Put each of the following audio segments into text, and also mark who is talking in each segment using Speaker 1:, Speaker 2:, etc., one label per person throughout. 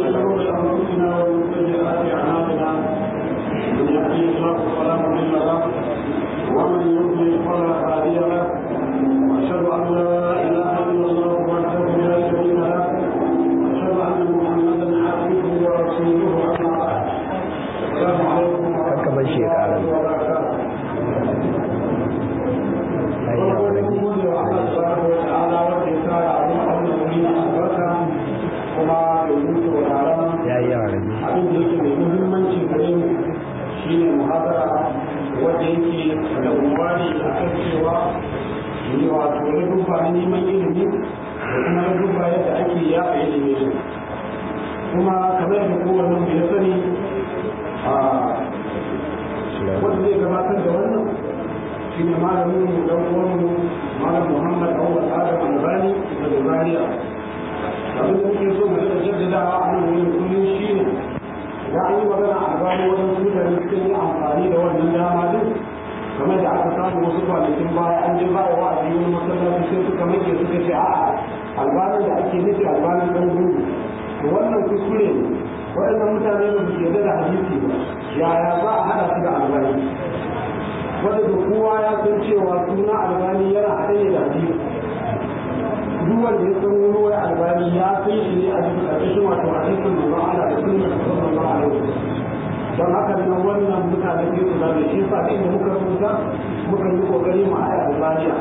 Speaker 1: شرور أنفسنا ومن سيئات أعمالنا من يهدي الله فلا مضل ومن يضلل فلا هادي وأشهد أن لا إله إلا الله وحده لا شريك وأشهد أن محمدا عبده ورسوله أما بعد السلام عليكم ورحمة
Speaker 2: الله وبركاته
Speaker 1: yake da umarni a kan cewa ne wato na duba na neman ilimi da kuma na yadda ake yaɗa ilimi ne kuma kamar da kowane mu ya sani a wanda zai gabatar da wannan shi ne malamin mu dan uwanmu malam muhammad awwal adam albani da zuriya abin da muke so mu jaddadawa a nan wurin kullum shi Za an yi magana a gano wajen mutane cikin yi amfani da wannan dama din kamar da aka samu wasu kwanakin baya an je ba wa a wani masallaci sai suka mace suka ce a'a albanin da ake nufi albanin dan gudu wannan kuskure ne waɗannan mutane da su yarda da hadisi ba yaya za a haɗa su da albani wanda da kowa ya san cewa suna albani yana haɗe da hadisi duk wanda ya san ruwa albani ya san shi ne a cikin ƙarƙashin wato hadisin da ba ala da sunna sallallahu alaihi wasallam don haka nan wannan mutane ke kula da shi sa inda muka rubuta muka yi kokari mu aya albaniya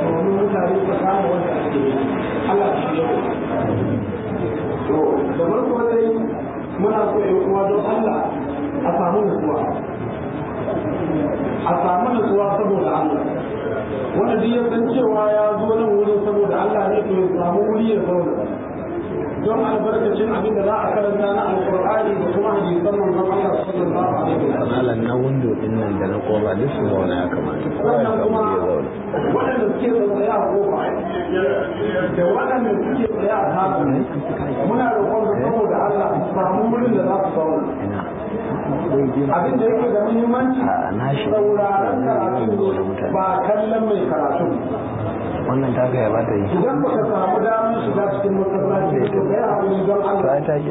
Speaker 1: domin mutane su samu wanda ake yi Allah shi ya to da farko dai muna so ya kuma don Allah a samu nutsuwa a samu nutsuwa saboda Allah wanda duk ya san cewa ya zo nan wurin da to samu wuri ya zauna don albarkacin abin da za a karanta na alkur'ani da kuma hadisan manzon Allah sallallahu alaihi
Speaker 2: na window din nan da na koba duk su zauna ya kamata wannan kuma
Speaker 1: waɗanda suke a kofa da suke a haka muna Allah samu wurin da za su zauna abin da yake da muhimmanci ah, sauraron karatu ba kallon mai karatu
Speaker 2: wannan ta gaya ba ta yi idan ba ka
Speaker 1: samu damar
Speaker 2: shiga cikin kai ta da samu shi a shi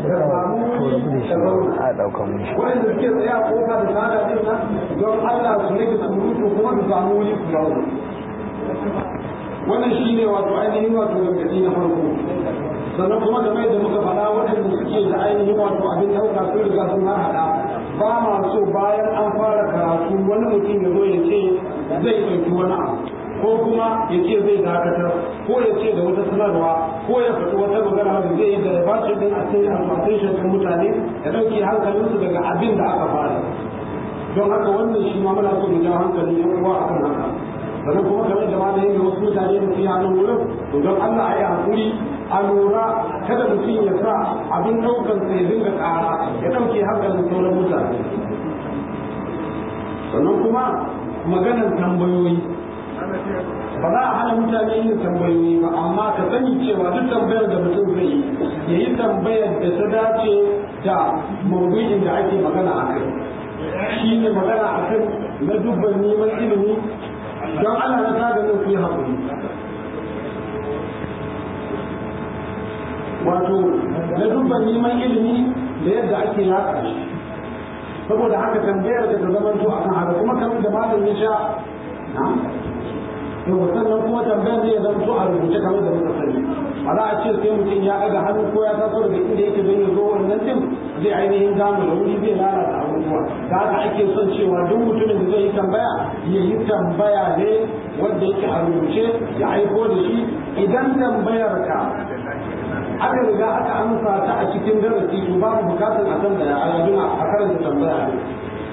Speaker 2: suke
Speaker 1: kofa da don Allah su rage kuma su samu wato ainihin wato gargaɗi na farko sannan kuma game da muka faɗa waɗanda suke da ainihin wato abin ɗauka sun riga sun haɗa ba ma so bayan an fara karatu wani mutum ya zo ya ce zai ɗauki wani abu ko kuma ya ce zai dakatar ko ya ce da wata sanarwa ko ya faɗi wata magana da zai yi da ya bashi din attention ɗin mutane ya ɗauke hankalinsu daga abin da aka fara don haka wannan shi ma muna so mu jawo hankalin yan uwa akan haka sannan kuma kamar da mana yin wasu mutane da iya hannun wurin to don Allah a yi hakuri a lura kada mutum ya sa abin ɗaukar sai dinga ƙara ya ɗauke hankalin sauran mutane sannan kuma maganar tambayoyi ba za a hana mutane yin tambayoyi ba amma ka sani cewa duk tambayar da mutum zai yi ya yi tambayar da ta dace da maudu'in da ake magana a kai shi ne magana a kan na dubban neman ilimi don Allah na zaga mu ku yi haƙuri wato na dubban neman ilimi da yadda ake yaƙa shi saboda haka tambayar da ta zama zuwa kan haka kuma kamar da malam ya sha to sannan kuma tambayar ya zama zuwa rubuce kamar da muka sani ba za a ce sai mutum ya ɗaga hannu ko ya taso daga inda yake don ya zo wannan tim zai ainihin gano da wuri zai lalata abubuwa da haka ake son cewa duk mutumin da zai yi tambaya ya yi tambaya ne wanda yake a rubuce ya aiko da shi idan tambayar ka aka riga aka amsa ta a cikin darasi to babu bukatar a san tambaya a yanzu a karanta tambaya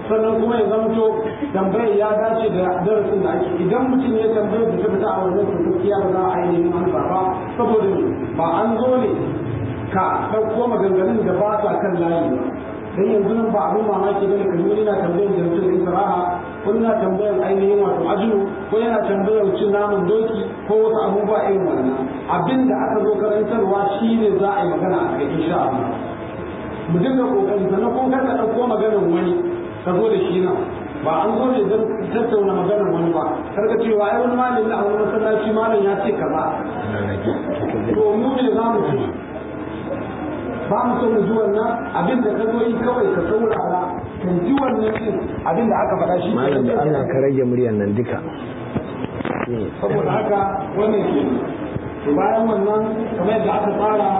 Speaker 1: sannan kuma ya zamto tambayar ya dace da darasin da ake idan mutum ya tambayar da ta fita a wannan to gaskiya ba za a ainihin amsa ba saboda ba an zo ne ka ɗauko maganganun da ba sa kan layi ba dan yanzu nan ba abin mamaki bane ka yana tambayar jamshin istiraha ko yana tambayar ainihin wato ajinu ko yana tambayar cin naman doki ko wasu abubuwa irin wannan abin da aka zo karantarwa shine za a yi magana a kai insha Allah mu dinga kokari sannan kun kada ɗauko maganar wani ka zo da shi nan ba an zo ne don tattauna maganar wani ba karka cewa ai wani malami a wani masallaci malam ya ce kaza to mu ne za mu ce ba mu son mu ji wannan abin da ka yi kawai ka ala, kan ji wannan din abin da aka faɗa shi malam da Allah ka
Speaker 2: rage muryar nan duka saboda haka
Speaker 1: wannan ke to bayan wannan kamar yadda aka fara,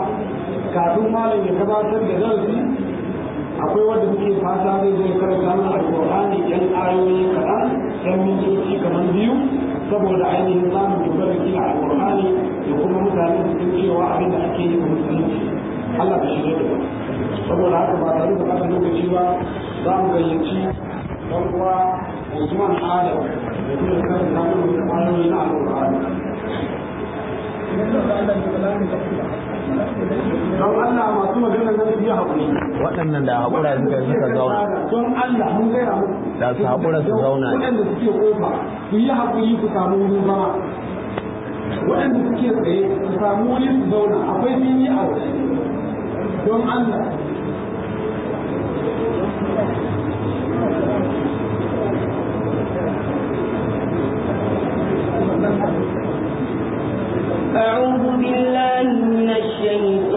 Speaker 1: kafin malam ya gabatar da darasi akwai wanda muke fata zai zo karanta mana alqur'ani yan ayoyi kaɗan yan mintoci kamar biyu saboda ainihin samun dubar da alqur'ani da kuma mutane su cewa abin da ake yi musulunci Allah ka shirya da mu saboda haka ba tare da bata lokaci ba za mu gayyaci uwa Usman Adam da kan da na al Don Allah masu magana na biya haƙuri. Waɗannan da haƙura suka suka zauna. Don Allah mun gaya
Speaker 2: Da su haƙura su zauna.
Speaker 1: Waɗanda suke ƙofa ku yi haƙuri ku samu wurin zama. Waɗanda suke tsaye ku samu wurin su zauna akwai fili a
Speaker 3: يوم أعوذ بالله من الشيطان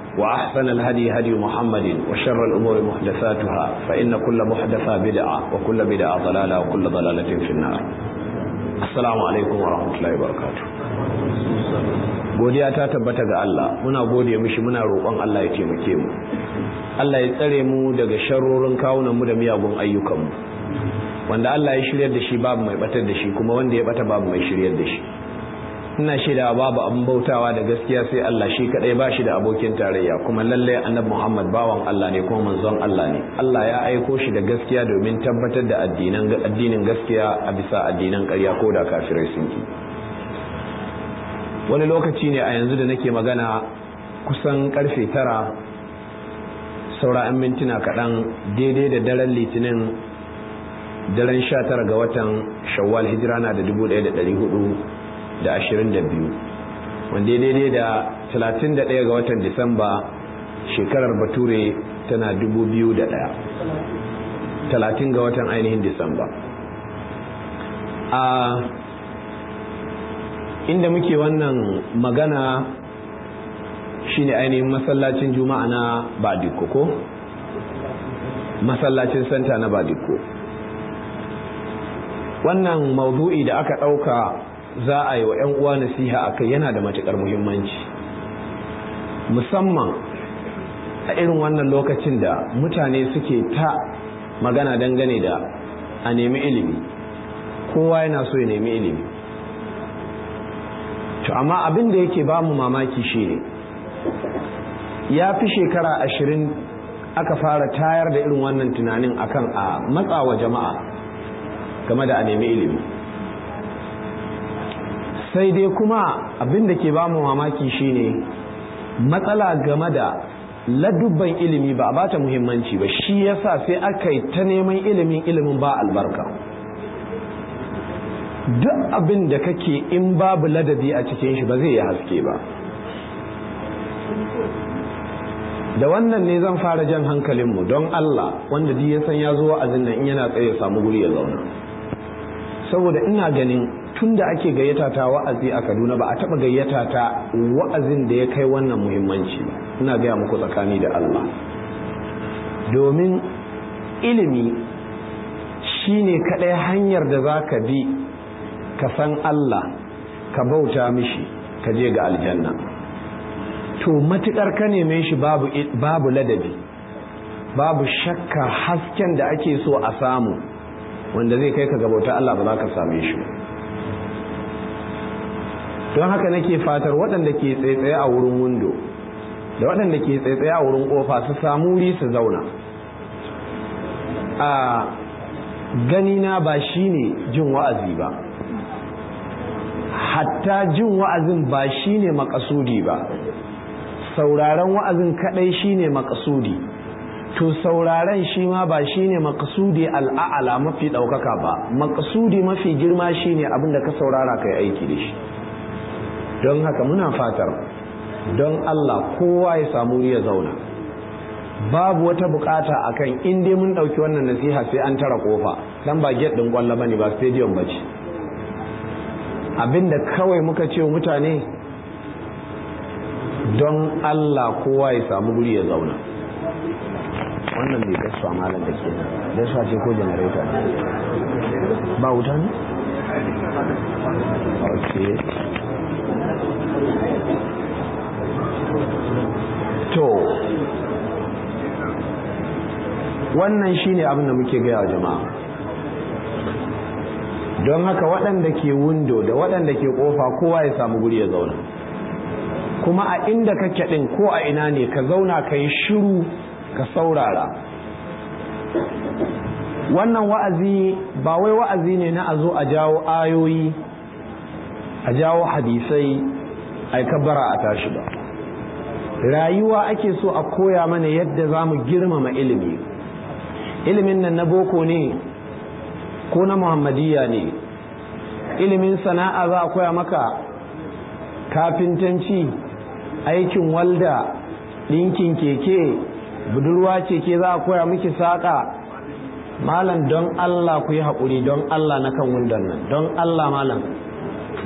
Speaker 2: وأحسن الهدي هدي محمد وشر الأمور محدثاتها فإن كل محدثة بدعة وكل بدعة ضلالة وكل ضلالة في النار السلام عليكم ورحمة الله وبركاته godiya ta tabbata ga Allah muna gode mishi muna roƙon Allah ya taimake mu Allah ya tsare mu daga sharrorin kawunan mu da miyagun ayyukan mu wanda Allah ya shiryar da shi babu mai batar da shi kuma wanda ya bata babu mai shiryar da shi ina shaida babu abin bautawa da gaskiya sai Allah shi kadai ba shi da abokin tarayya kuma lallai annabi Muhammad bawan Allah ne kuma manzon Allah ne Allah ya aiko shi da gaskiya domin tabbatar da addinan addinin gaskiya a bisa addinan ƙarya ko da kafirai sun ki wani lokaci ne a yanzu da nake magana kusan karfe tara saura an mintuna kaɗan daidai da daren litinin daren sha tara ga watan shawwal hijira na da dubu da ɗari hudu da ashirin da biyu wanda daidai da talatin ga watan disamba shekarar bature tana dubu biyu da ɗaya talatin ga watan ainihin disamba a inda muke wannan magana shine ainihin masallacin juma'a na badiko ko masallacin santa na badiko wannan maudu'i da aka ɗauka za a yi wa 'yan uwa nasiha a kai yana da matukar muhimmanci musamman a irin wannan lokacin da mutane suke ta magana dangane da a nemi ilimi kowa yana so ya nemi ilimi to amma abin da yake ba mu mamaki shi ne ya fi shekara ashirin aka fara tayar da irin wannan tunanin akan a matsawa jama'a game da a nemi ilimi sai dai kuma abin da ke ba mu mamaki shine matsala game da ladubban ilimi ba a bata muhimmanci ba shi yasa sai aka yi ta neman ilimin ilimin ba albarka duk abin da kake in babu ladabi a cikin shi ba zai yi haske ba da wannan ne zan fara jan hankalinmu don Allah wanda ya san ya zo wa'azin nan in yana tsaye ya samu guri ya zauna saboda ina ganin tun da ake gayyata ta wa'azi a kaduna ba a taɓa gayyata ta wa'azin da ya kai wannan muhimmanci ina gaya muku tsakani da allah domin ilimi shi ne kaɗai hanyar da za ka bi ka san allah ka bauta mishi ka je ga aljanna to matuƙar ka neme shi babu ladabi babu shakka hasken da ake so a samu wanda zai kai ka ga Allah ba za ka same shi don haka nake fatar waɗanda ke tsaye-tsaye a wurin windo da waɗanda ke tsaye-tsaye a wurin ƙofa su samu wuri su zauna a na ba shi ne jin wa'azi ba hatta jin wa'azin ba shi ne makasudi ba sauraron wa'azin kaɗai shi ne makasudi to sauraren shi ma ba shi ne makasudi al'a'ala mafi ɗaukaka ba makasudi mafi girma shine abin da ka saurara ka yi aiki da shi don haka muna fatar don Allah kowa ya samu ya zauna babu wata bukata akan in dai mun ɗauki wannan nasiha sai an tara kofa dan ba ɗin din kwallo ne ba stadium bace abinda kawai muka ce mutane don Allah kowa ya samu guri ya zauna wannan mai a malam da ke nan ce ko generator ba wuta ne? ok to wannan shine abin da muke gaya wa jama'a don haka waɗanda ke windo da waɗanda ke ƙofa kowa ya samu guri ya zauna kuma a inda kake ɗin ko a ina ne ka zauna ka yi shiru ka saurara wannan wa'azi ba wai wa'azi ne na a zo a jawo ayoyi a jawo hadisai aikabara a tashi ba rayuwa ake so a koya mana yadda za mu girmama ilimi ilimin nan na boko ne ko na muhammadiyya ne ilimin sana'a za a koya maka kafintanci aikin walda ɗinkin keke budurwa ce ke za a koya miki saƙa malam don Allah ku yi haƙuri don Allah na kan windon nan don Allah malam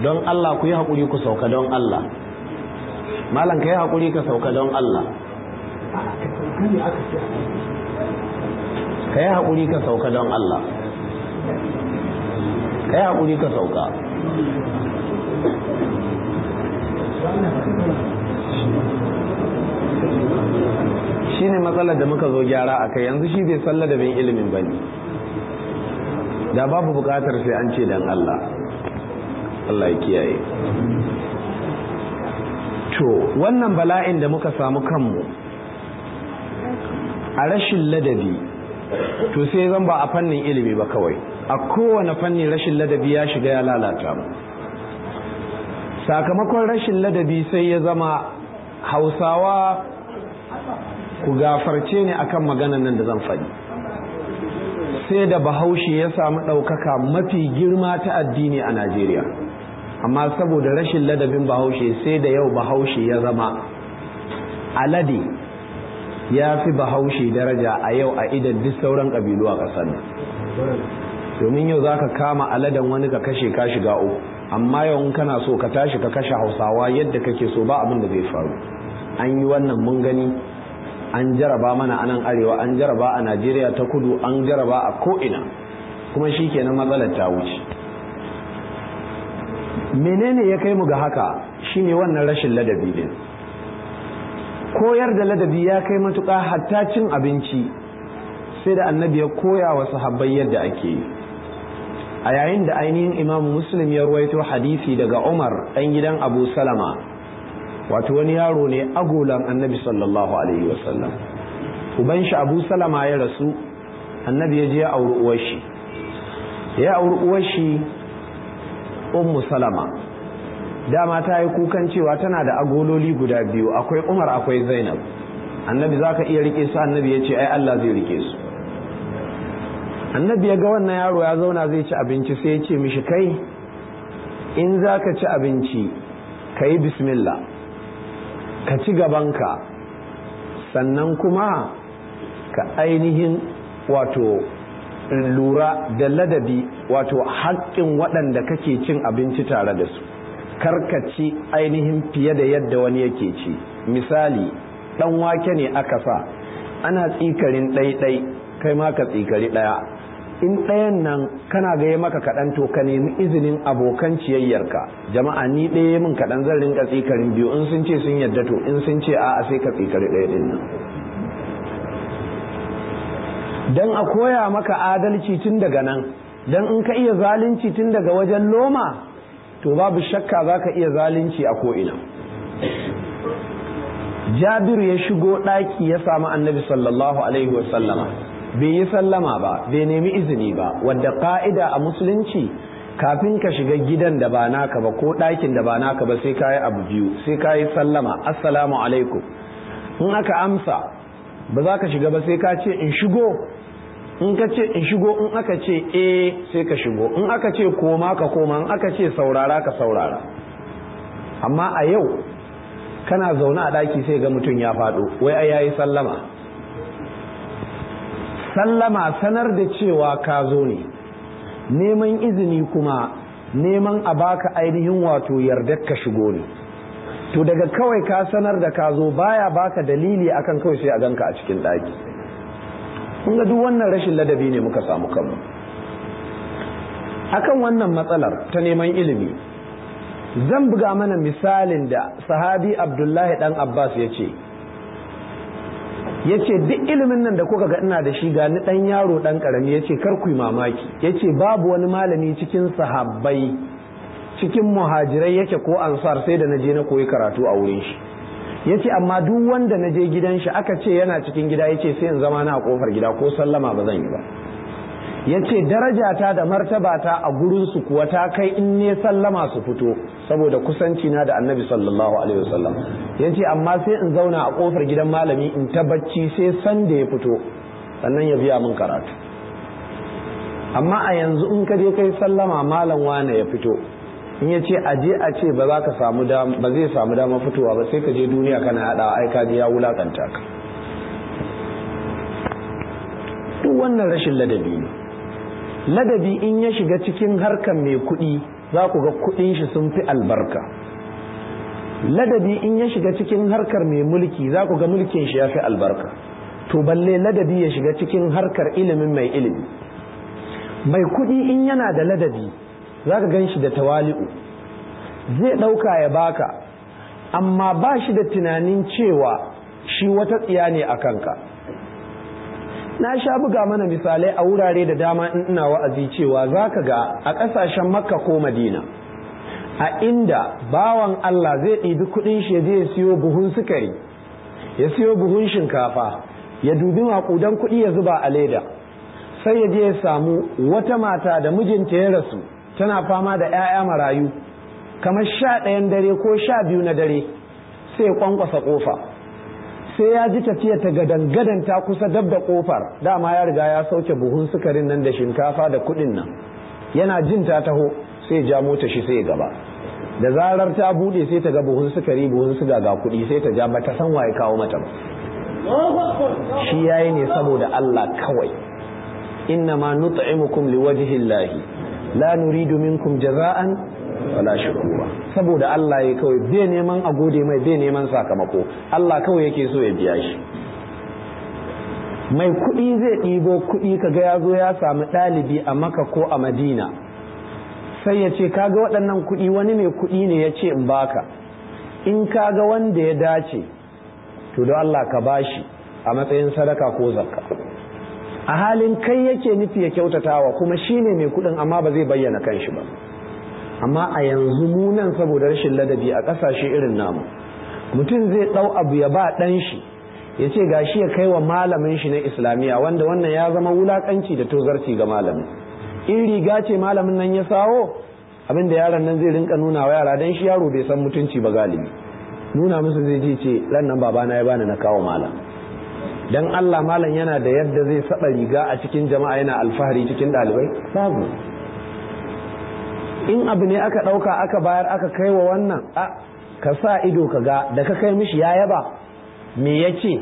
Speaker 2: don Allah ku yi haƙuri ku sauka don Allah malam ka yi haƙuri ka sauka don Allah ka yi haƙuri ka sauka don Allah ka yi haƙuri ka sauka matsalar da muka zo gyara a kai yanzu shi bai san da bin ilimin ba da babu bukatar sai an ce dan Allah Allah ya kiyaye to wannan bala'in da muka samu kanmu a rashin ladabi to sai zan ba a fannin ilimi ba kawai a kowane fannin rashin ladabi ya shiga ya lalata mu sakamakon rashin ladabi sai ya zama hausawa ku gafarce ni akan maganan nan da zan faɗi sai da bahaushe ya samu ɗaukaka mafi girma ta addini a najeriya amma saboda rashin ladabin bahaushe sai da yau bahaushe ya zama alade ya fi bahaushe daraja a yau a idan duk sauran ƙabilu a ƙasar nan domin yau za ka kama aladen wani ka kashe ka shiga uku amma yau in kana so ka tashi ka kashe hausawa yadda kake so ba abin da zai faru an yi wannan mun gani an jaraba mana anan arewa an jaraba a najeriya ta kudu an jaraba a ko'ina kuma shi kenan matsalar ta wuce menene ya kai mu ga haka shi ne wannan rashin ladabi din koyar da ladabi ya kai matuƙa hatta cin abinci sai da annabi ya koya wa sahabbai yadda ake yi a yayin da ainihin imam muslim ya ruwaito hadisi daga umar ɗan gidan abu salama wato wani yaro ne agolan annabi sallallahu alaihi wasallam uban shi abu salama ya rasu annabi ya je ya auri uwar shi ya auri uwar shi ummu salama dama ta yi kukan cewa tana da agololi guda biyu akwai umar akwai zainab annabi zaka iya rike su annabi ya ce ai allah zai rike su annabi ya ga wannan yaro ya zauna zai ci abinci sai ya ce mishi kai in zaka ci abinci ka bismillah ka ci gabanka sannan kuma ka ainihin wato lura da ladabi wato haƙƙin waɗanda kake cin abinci tare da su ci ainihin fiye da yadda wani yake ci misali ɗan wake ne aka sa ana tsikarin ɗaiɗai kai ma ka tsikari ɗaya in ɗayan nan kana ga maka kaɗan to ka nemi izinin abokan ciyayyarka jama'a ni ɗaya min kaɗan zan rinka tsikarin biyu in sun ce sun yadda to in sun ce a'a sai ka tsikari ɗaya ɗin nan dan a koya maka adalci tun daga nan dan in ka iya zalunci tun daga wajen loma to babu shakka za ka iya zalunci a ko'ina jabiru ya shigo ɗaki ya samu annabi sallallahu alaihi wasallama bai yi sallama ba bai nemi izini ba wanda ka'ida a musulunci kafin ka shiga gidan da ba naka ba ko ɗakin da ba naka ba sai ka yi abu biyu sai ka yi sallama assalamu alaikum in aka amsa ba za ka shiga ba sai ka ce in shigo in ka ce in shigo in aka ce eh sai ka shigo in aka ce koma ka koma in aka ce saurara ka saurara amma a yau kana zaune a ɗaki sai ga mutum ya faɗo wai a yayi sallama sallama sanar da cewa ka zo ne neman izini kuma neman a baka ainihin wato yardar ka shigo ne to daga kawai ka sanar da ka zo baya baka dalili akan kawai sai a ganka a cikin ɗaki kun duk wannan rashin ladabi ne muka samu kanmu akan wannan matsalar ta neman ilimi zan buga mana misalin da sahabi abdullahi dan abbas ya ce ya ce duk ilimin nan da kuka ga ina da shi ga ni ɗan yaro ɗan ƙarami ya ce kar ku mamaki ya ce babu wani malami cikin sahabbai cikin muhajirai yake ko ansar sai da naje na koyi karatu a wurin shi ya ce amma duk wanda na je gidan shi aka ce yana cikin gida ya ce sai in zama na a kofar gida ko sallama ba zan yi ba ya ce darajata da martabata a gurinsu kuwa ta kai in ne sallama su fito saboda kusanci na da annabi sallallahu alaihi wasallam ya ce amma sai in zauna a kofar gidan malami in ta bacci sai sanda ya fito sannan ya biya min karatu amma a yanzu in ka je kai sallama malam wane ya fito in ya ce aje a ce ba za ka samu ba zai samu dama fitowa ba sai ka je duniya kana hada ai ka ya wulakanta ka duk wannan rashin ladabi ne ladabi in ya shiga cikin harkar mai kuɗi za ku ga kuɗin shi sun fi albarka ladabi in ya shiga cikin harkar mai mulki za ku ga mulkin shi ya fi albarka to balle ladabi ya shiga cikin harkar ilimin mai ilimi mai kuɗi in yana da ladabi za ka gan shi da tawali'u zai ɗauka ya baka amma ba shi da tunanin cewa shi wata tsiya ne a kanka na sha buga mana misalai a wurare da dama in ina wa'azi cewa za ka ga a ƙasashen makka ko madina a inda bawan Allah zai ɗibi kuɗin shi zai siyo buhun sukari ya siyo buhun shinkafa ya dubi maƙudan kuɗi ya zuba a leda sai ya je ya samu wata mata da mijinta ya rasu tana fama da 'ya'ya marayu kamar sha ɗayan dare ko sha biyu na dare sai ya kwankwasa ƙofa sai ya ji tafiya ta gadan ta kusa dab da kofar dama ya riga ya sauke buhun sukarin nan da shinkafa da kudin nan yana jin ta taho sai ja mota shi sai gaba da zarar ta bude sai ta ga buhun sukari buhun suga ga kudi sai ta ja ba ta san waye kawo mata
Speaker 1: ba
Speaker 2: shi yayi ne saboda Allah kawai inna ma nut'imukum liwajhillahi la nuridu minkum jaza'an wala shukura saboda Allah ya kawai bai neman a gode mai bai neman sakamako Allah kawai yake so ya biya shi mai kuɗi zai ɗibo kuɗi kaga ya zo ya samu ɗalibi a maka ko a madina sai ya ce kaga waɗannan kuɗi wani mai kuɗi ne ya ce in baka in kaga wanda ya dace to don Allah ka bashi a matsayin sadaka ko zakka a halin kai yake nufi ya kyautatawa kuma shine mai kuɗin amma ba zai bayyana kanshi ba amma a yanzu mu nan saboda rashin ladabi a ƙasashe irin namu mutum zai ɗau abu ya ba ɗan shi ya ce ga shi ya kai wa malamin shi na islamiyya wanda wannan ya zama wulakanci da tozarci ga malamin in riga ce malamin nan ya sawo abin da yaron nan zai rinka nuna wa yara dan shi yaro bai san mutunci ba galibi nuna musu zai je ce ran nan babana ya bani na kawo malam dan Allah malam yana da yadda zai saba riga a cikin jama'a yana alfahari cikin ɗalibai babu in abu ne aka ɗauka aka bayar aka kai wa wannan A, ka sa ido ka ga da ka kai mishi ya yaba me ya ce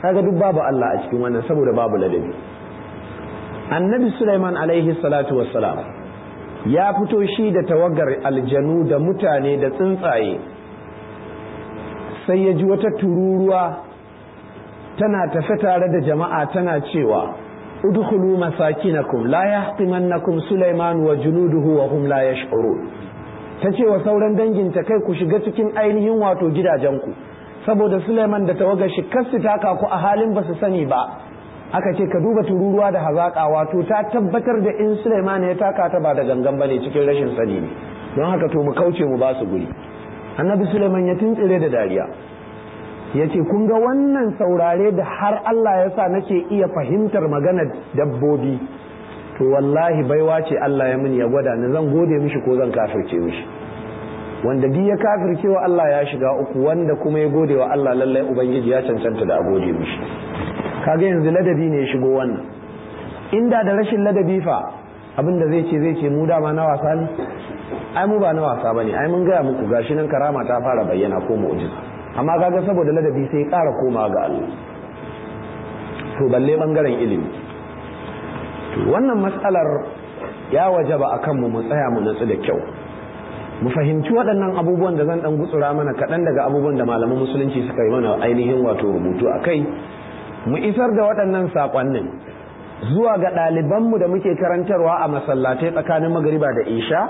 Speaker 2: kaga duk babu Allah a cikin wannan saboda babu ladabi annabi Sulaiman alaihi salatu wassalam ya fito shi da tawagar aljanu da mutane da tsuntsaye sai ya ji wata tururuwa tana tafe tare da jama'a tana cewa udkhulu masakinakum na yahtimannakum Suleiman wa junuduhu wa hum la yash'urun tace wa sauran danginta kai ku shiga cikin ainihin wato gidajenku saboda Sulaiman da tawaga shi kasu taka ku a halin ba su sani ba aka ce ka duba tururuwa da hazaƙa wato ta tabbatar da in Sulaiman ya taka ta ba da gangan bane cikin rashin sani ne don haka to mu kauce mu ba su guri annabi Sulaiman ya tuntsire da dariya ya ce kun ga wannan saurare da har Allah ya sa nake iya fahimtar maganar dabbobi to wallahi baiwa ce Allah ya mini ya gwada ni zan gode mishi ko zan kafirce mishi wanda duk ya kafirce wa Allah ya shiga uku wanda kuma ya gode wa Allah lallai ubangiji ya cancanta da a gode mishi kaga yanzu ladabi ne ya shigo wannan inda da rashin ladabi fa abinda zai ce zai ce mu dama na wasa ne ai mu ba na wasa bane ai mun gaya muku gashi nan karama ta fara bayyana ko mu'jiza amma kaga saboda ladabi sai ya ƙara koma ga Allah to balle bangaren ilimi to wannan matsalar ya wajaba a kanmu mu tsaya mu natsu da kyau mu fahimci waɗannan abubuwan da zan ɗan gutsura mana kaɗan daga abubuwan da malaman musulunci suka yi mana ainihin wato rubutu a kai mu isar da waɗannan saƙonnin zuwa ga ɗalibanmu da muke karantarwa a masallatai tsakanin magariba da isha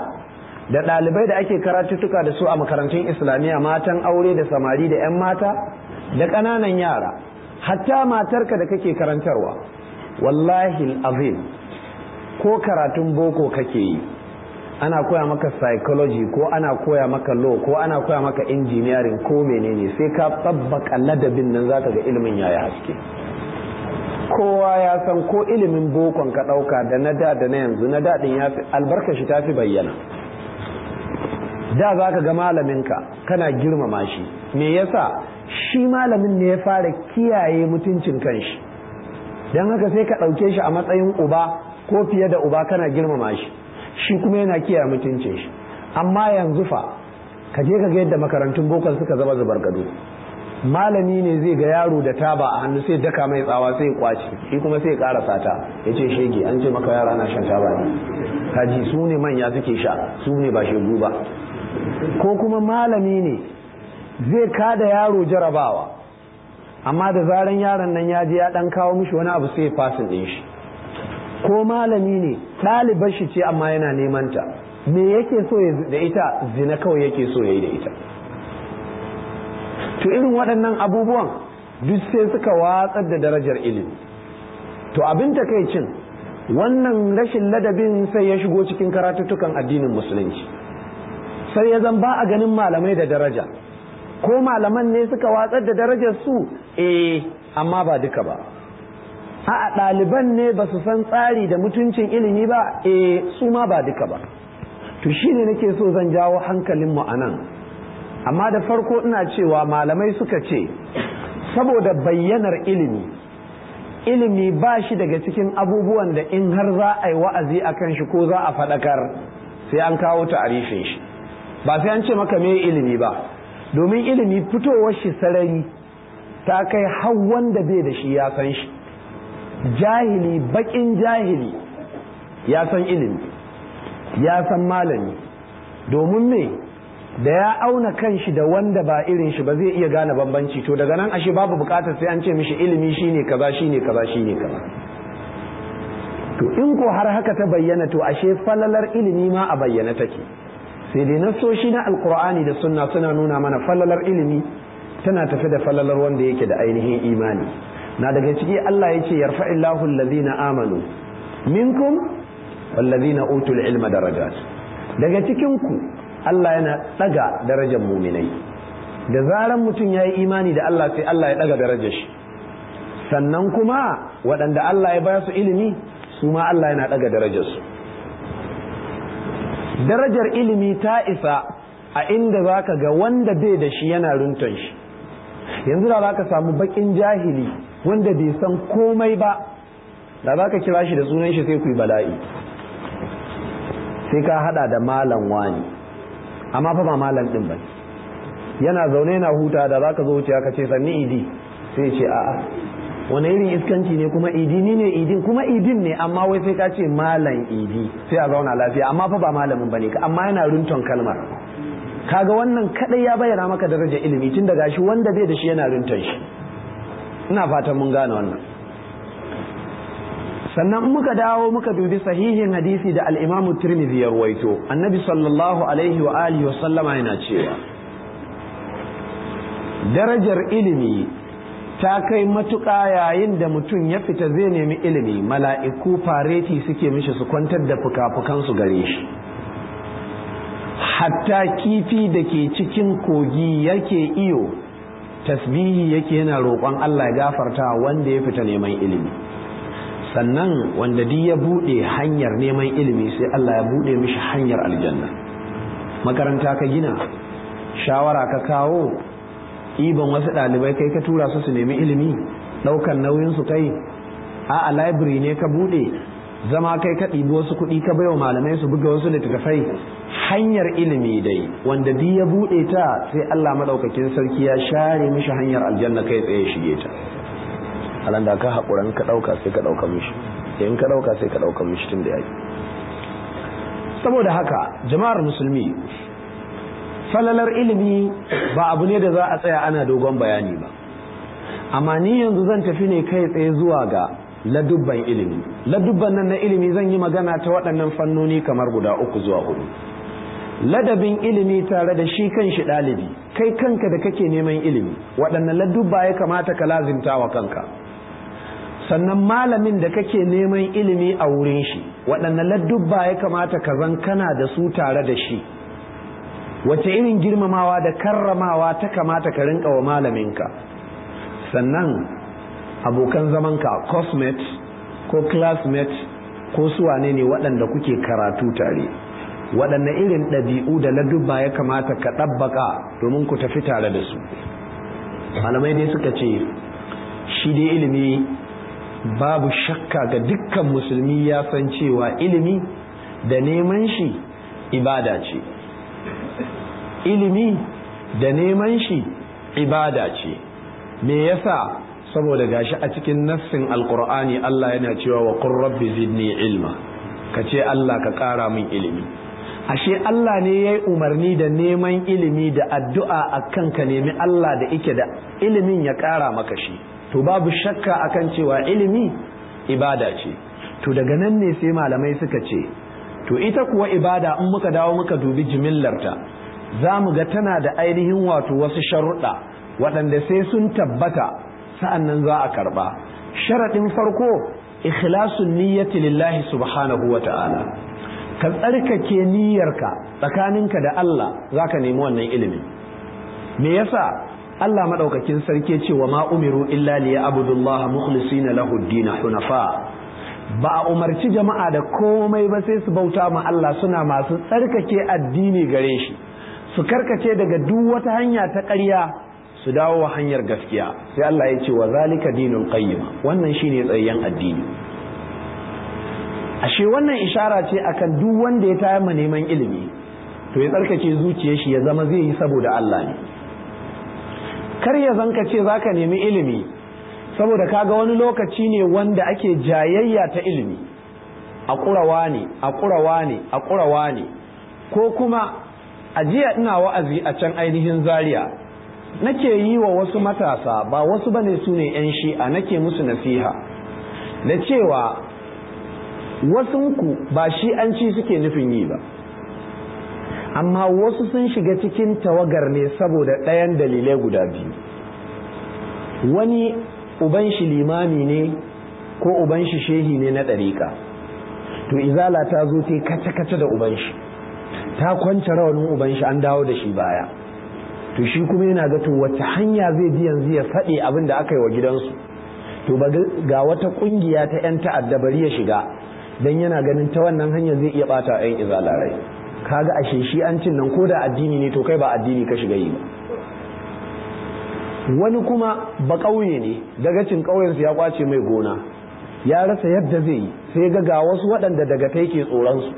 Speaker 2: da ɗalibai da ake karatuttuka da su a makarantun islamiyya matan aure da samari da 'yan mata da ƙananan yara hatta matarka da kake karantarwa wallahi azim ko karatun boko kake yi ana koya maka psychology ko ana koya maka law ko ana koya maka engineering ko menene sai ka tsabbaka ladabin nan zaka ga ilimin yayi haske kowa ya san ko ilimin bokon ka ɗauka da na da da na yanzu na daɗin ya fi shi ta fi bayyana da za ka ga malaminka kana girmama shi me yasa shi malamin ne ya fara kiyaye mutuncin kanshi don haka sai ka ɗauke shi a matsayin uba ko fiye da uba kana girmama shi shi kuma yana kiyaye mutuncin shi amma yanzu fa ka je ka ga yadda makarantun bokon suka zama zubar gado malami ne zai ga yaro da taba a hannu sai daka mai tsawa sai kwaci shi kuma sai ƙara sata ya ce shege an ce maka yara na shan taba ne kaji su ne manya suke sha su ne ba shegu ba ko kuma malami ne zai kada yaro jarabawa amma da zaran yaron nan ya je ya dan kawo mishi wani abu sai ya fasin din shi ko malami ne ɗalibar shi ce amma yana neman ta me yake so da ita zina kawai yake so ya yi da ita to irin waɗannan abubuwan duk sai suka watsar da darajar ilimi to abin takaicin wannan rashin ladabin sai ya shigo cikin karatuttukan addinin musulunci sai ya zan ba a ganin malamai da daraja ko malaman ne suka watsar da darajar su eh amma ba duka ba a ɗaliban ne ba su san tsari da mutuncin ilimi ba eh su ma ba duka ba to shine nake so zan jawo hankalinmu a nan amma da farko ina cewa malamai suka ce saboda bayyanar ilimi ilimi ba shi daga cikin abubuwan da in har za a yi wa'azi a kan shi ko za a faɗakar sai an kawo ta'arifin shi ba sai an ce maka me ilimi ba domin ilimi fitowar shi sarari ta kai har wanda bai da shi ya san shi jahili bakin jahili ya san ilimi ya san malami domin me da ya auna kanshi da wanda ba irin shi ba zai iya gane bambanci to daga nan ashe babu bukatar sai an ce mishi ilimi shine kaza shine kaza shine kaza to in ko har haka ta bayyana to ashe falalar ilimi ma a bayyana take sai dai nasoshi na alkur'ani da sunna suna nuna mana fallalar ilimi tana tafi da fallalar wanda yake da ainihin imani na daga ciki Allah ya ce yarfa'illahu allazina amanu minkum wallazina utul ilma darajat daga cikin ku Allah yana daga darajar muminai da zaran mutum ya yi imani da Allah sai Allah ya daga darajar shi sannan kuma waɗanda Allah ya ba su ilimi su ma Allah yana daga darajar su darajar ilimi ta isa a inda za ka ga wanda bai da shi yana runtun shi yanzu da za ka samu bakin jahili wanda bai san komai ba da za ka kira shi da sunan shi sai ku yi bala'i sai ka hada da malam wani amma fa ba malam din ba yana zaune yana huta da za ka zo wuce ka ce sanni idi sai ce a'a wani irin iskanci ne kuma idi ni ne idin kuma idin ne amma wai sai ka ce malam idi sai a zauna lafiya amma fa ba malamin bane ka amma yana runton kalmar kaga wannan kadai ya bayyana maka darajar ilimi tun daga shi wanda bai da shi yana runton shi ina fatan mun gane wannan sannan muka dawo muka dubi sahihin hadisi da al-Imam Tirmidhi ya ruwaito annabi sallallahu alaihi wa alihi wa sallama yana cewa darajar ilimi ta kai matuƙa yayin da mutum ya fita zai nemi ilimi mala'iku fareti suke mishi su kwantar da fuka-fukansu gare shi hatta kifi da ke cikin kogi yake iyo tasbihi yake yana roƙon Allah ya gafarta wanda ya fita neman ilimi sannan wanda duk ya buɗe hanyar neman ilimi sai Allah ya buɗe mishi hanyar aljanna makaranta ka gina shawara ka kawo ɗiban wasu ɗalibai kai ka tura su su nemi ilimi ɗaukan nauyin su kai a a library ne ka buɗe zama kai ka ɗibi wasu kuɗi ka baiwa malamai su buga wasu littattafai hanyar ilimi dai wanda duk ya buɗe ta sai Allah maɗaukakin sarki ya share mishi hanyar aljanna kai tsaye shige ta alan da ka haƙuran ka ɗauka sai ka ɗauka mishi eh, in ka ɗauka sai ka ɗauka mishi tun da yaƙi saboda haka jama'ar musulmi falalar ilimi ba abu ne da za a tsaya ana dogon bayani ba amma ni yanzu zan tafi ne kai tsaye zuwa ga ladubban ilimi ladubban nan na ilimi zan yi magana ta waɗannan fannoni kamar guda uku zuwa hudu ladabin ilimi tare da shi kan shi ɗalibi kai kanka da kake neman ilimi waɗannan ladubba ya kamata ka lazimta wa kanka sannan malamin da kake neman ilimi a wurin shi waɗannan ladubba ya kamata ka zan kana da su tare da shi wace irin girmamawa da karramawa ta kamata ka rinka wa malaminka sannan abokan zamanka cosmet ko classmate ko suwa ne ne waɗanda kuke karatu tare waɗanne irin ɗabi'u da ladubba ya kamata ka ɗabbaka domin ku tafi tare da su malamai dai suka ce shi dai ilimi babu shakka ga dukkan musulmi ya san cewa ilimi da neman shi ibada ce ilimi da neman shi ibada ce me yasa saboda gashi a cikin nassin alkur'ani Allah yana cewa wa qur rabbi zidni ilma kace Allah ka ƙara min ilimi ashe Allah ne yayi umarni da neman ilimi da addu'a akan ka nemi Allah da ike da ilimin ya ƙara maka shi to babu shakka akan cewa ilimi ibada ce to daga nan ne sai malamai suka ce to ita kuwa ibada in muka dawo muka dubi jimillarta za mu ga tana da ainihin wato wasu sharuɗa waɗanda sai sun tabbata sa'an nan za a karɓa sharaɗin farko ikhlasun niyyati lillahi subhanahu wa ta'ala ka tsarkake niyyarka tsakaninka da Allah za ka nemi wannan ilimin me yasa Allah maɗaukakin sarki ce wa ma umiru illa liya'budullaha mukhlisina lahu hunafa ba a umarci jama'a da komai ba sai su bauta ma Allah suna masu tsarkake addini gare shi su karkace daga duk wata hanya ta ƙarya su dawo wa hanyar gaskiya sai Allah ya ce wa zalika dinul qayyim wannan shine tsayayyen addini ashe wannan ishara ce akan duk wanda ya taya ma neman ilimi to ya tsarkake zuciyar shi ya zama zai yi saboda Allah ne kar ya zanka ce zaka nemi ilimi saboda kaga wani lokaci ne wanda ake jayayya ta ilimi a ƙurawa ne a ƙurawa ne a ƙurawa ne ko kuma ajiya ina wa'azi a can ainihin zaria nake yi wa wasu matasa ba wasu bane su ne 'yan shi'a nake musu nasiha da cewa wasunku ba shi shi'anci suke nufin yi ba amma wasu sun shiga cikin tawagar ne saboda ɗayan dalilai guda biyu wani uban shi limami ne ko uban shi shehi ne na ɗariƙa to izala ta zo ta kace-kace da uban shi ta kwance rawanin uban shi an dawo da shi baya to shi kuma yana ga to wata hanya zai bi yanzu ya faɗi abin da aka yi wa gidansu to ga wata ƙungiya ta 'yan ta'adda bari ya shiga dan yana ganin ta wannan hanya zai iya ɓata 'yan izalarai Ka kaga ashe shi an cin nan ko da addini ne to kai ba addini ka shiga yi ba wani kuma ba ƙauye ne dagacin ƙauyensu ya kwace mai gona ya rasa yadda zai yi sai ga wasu waɗanda daga kai ke tsoronsu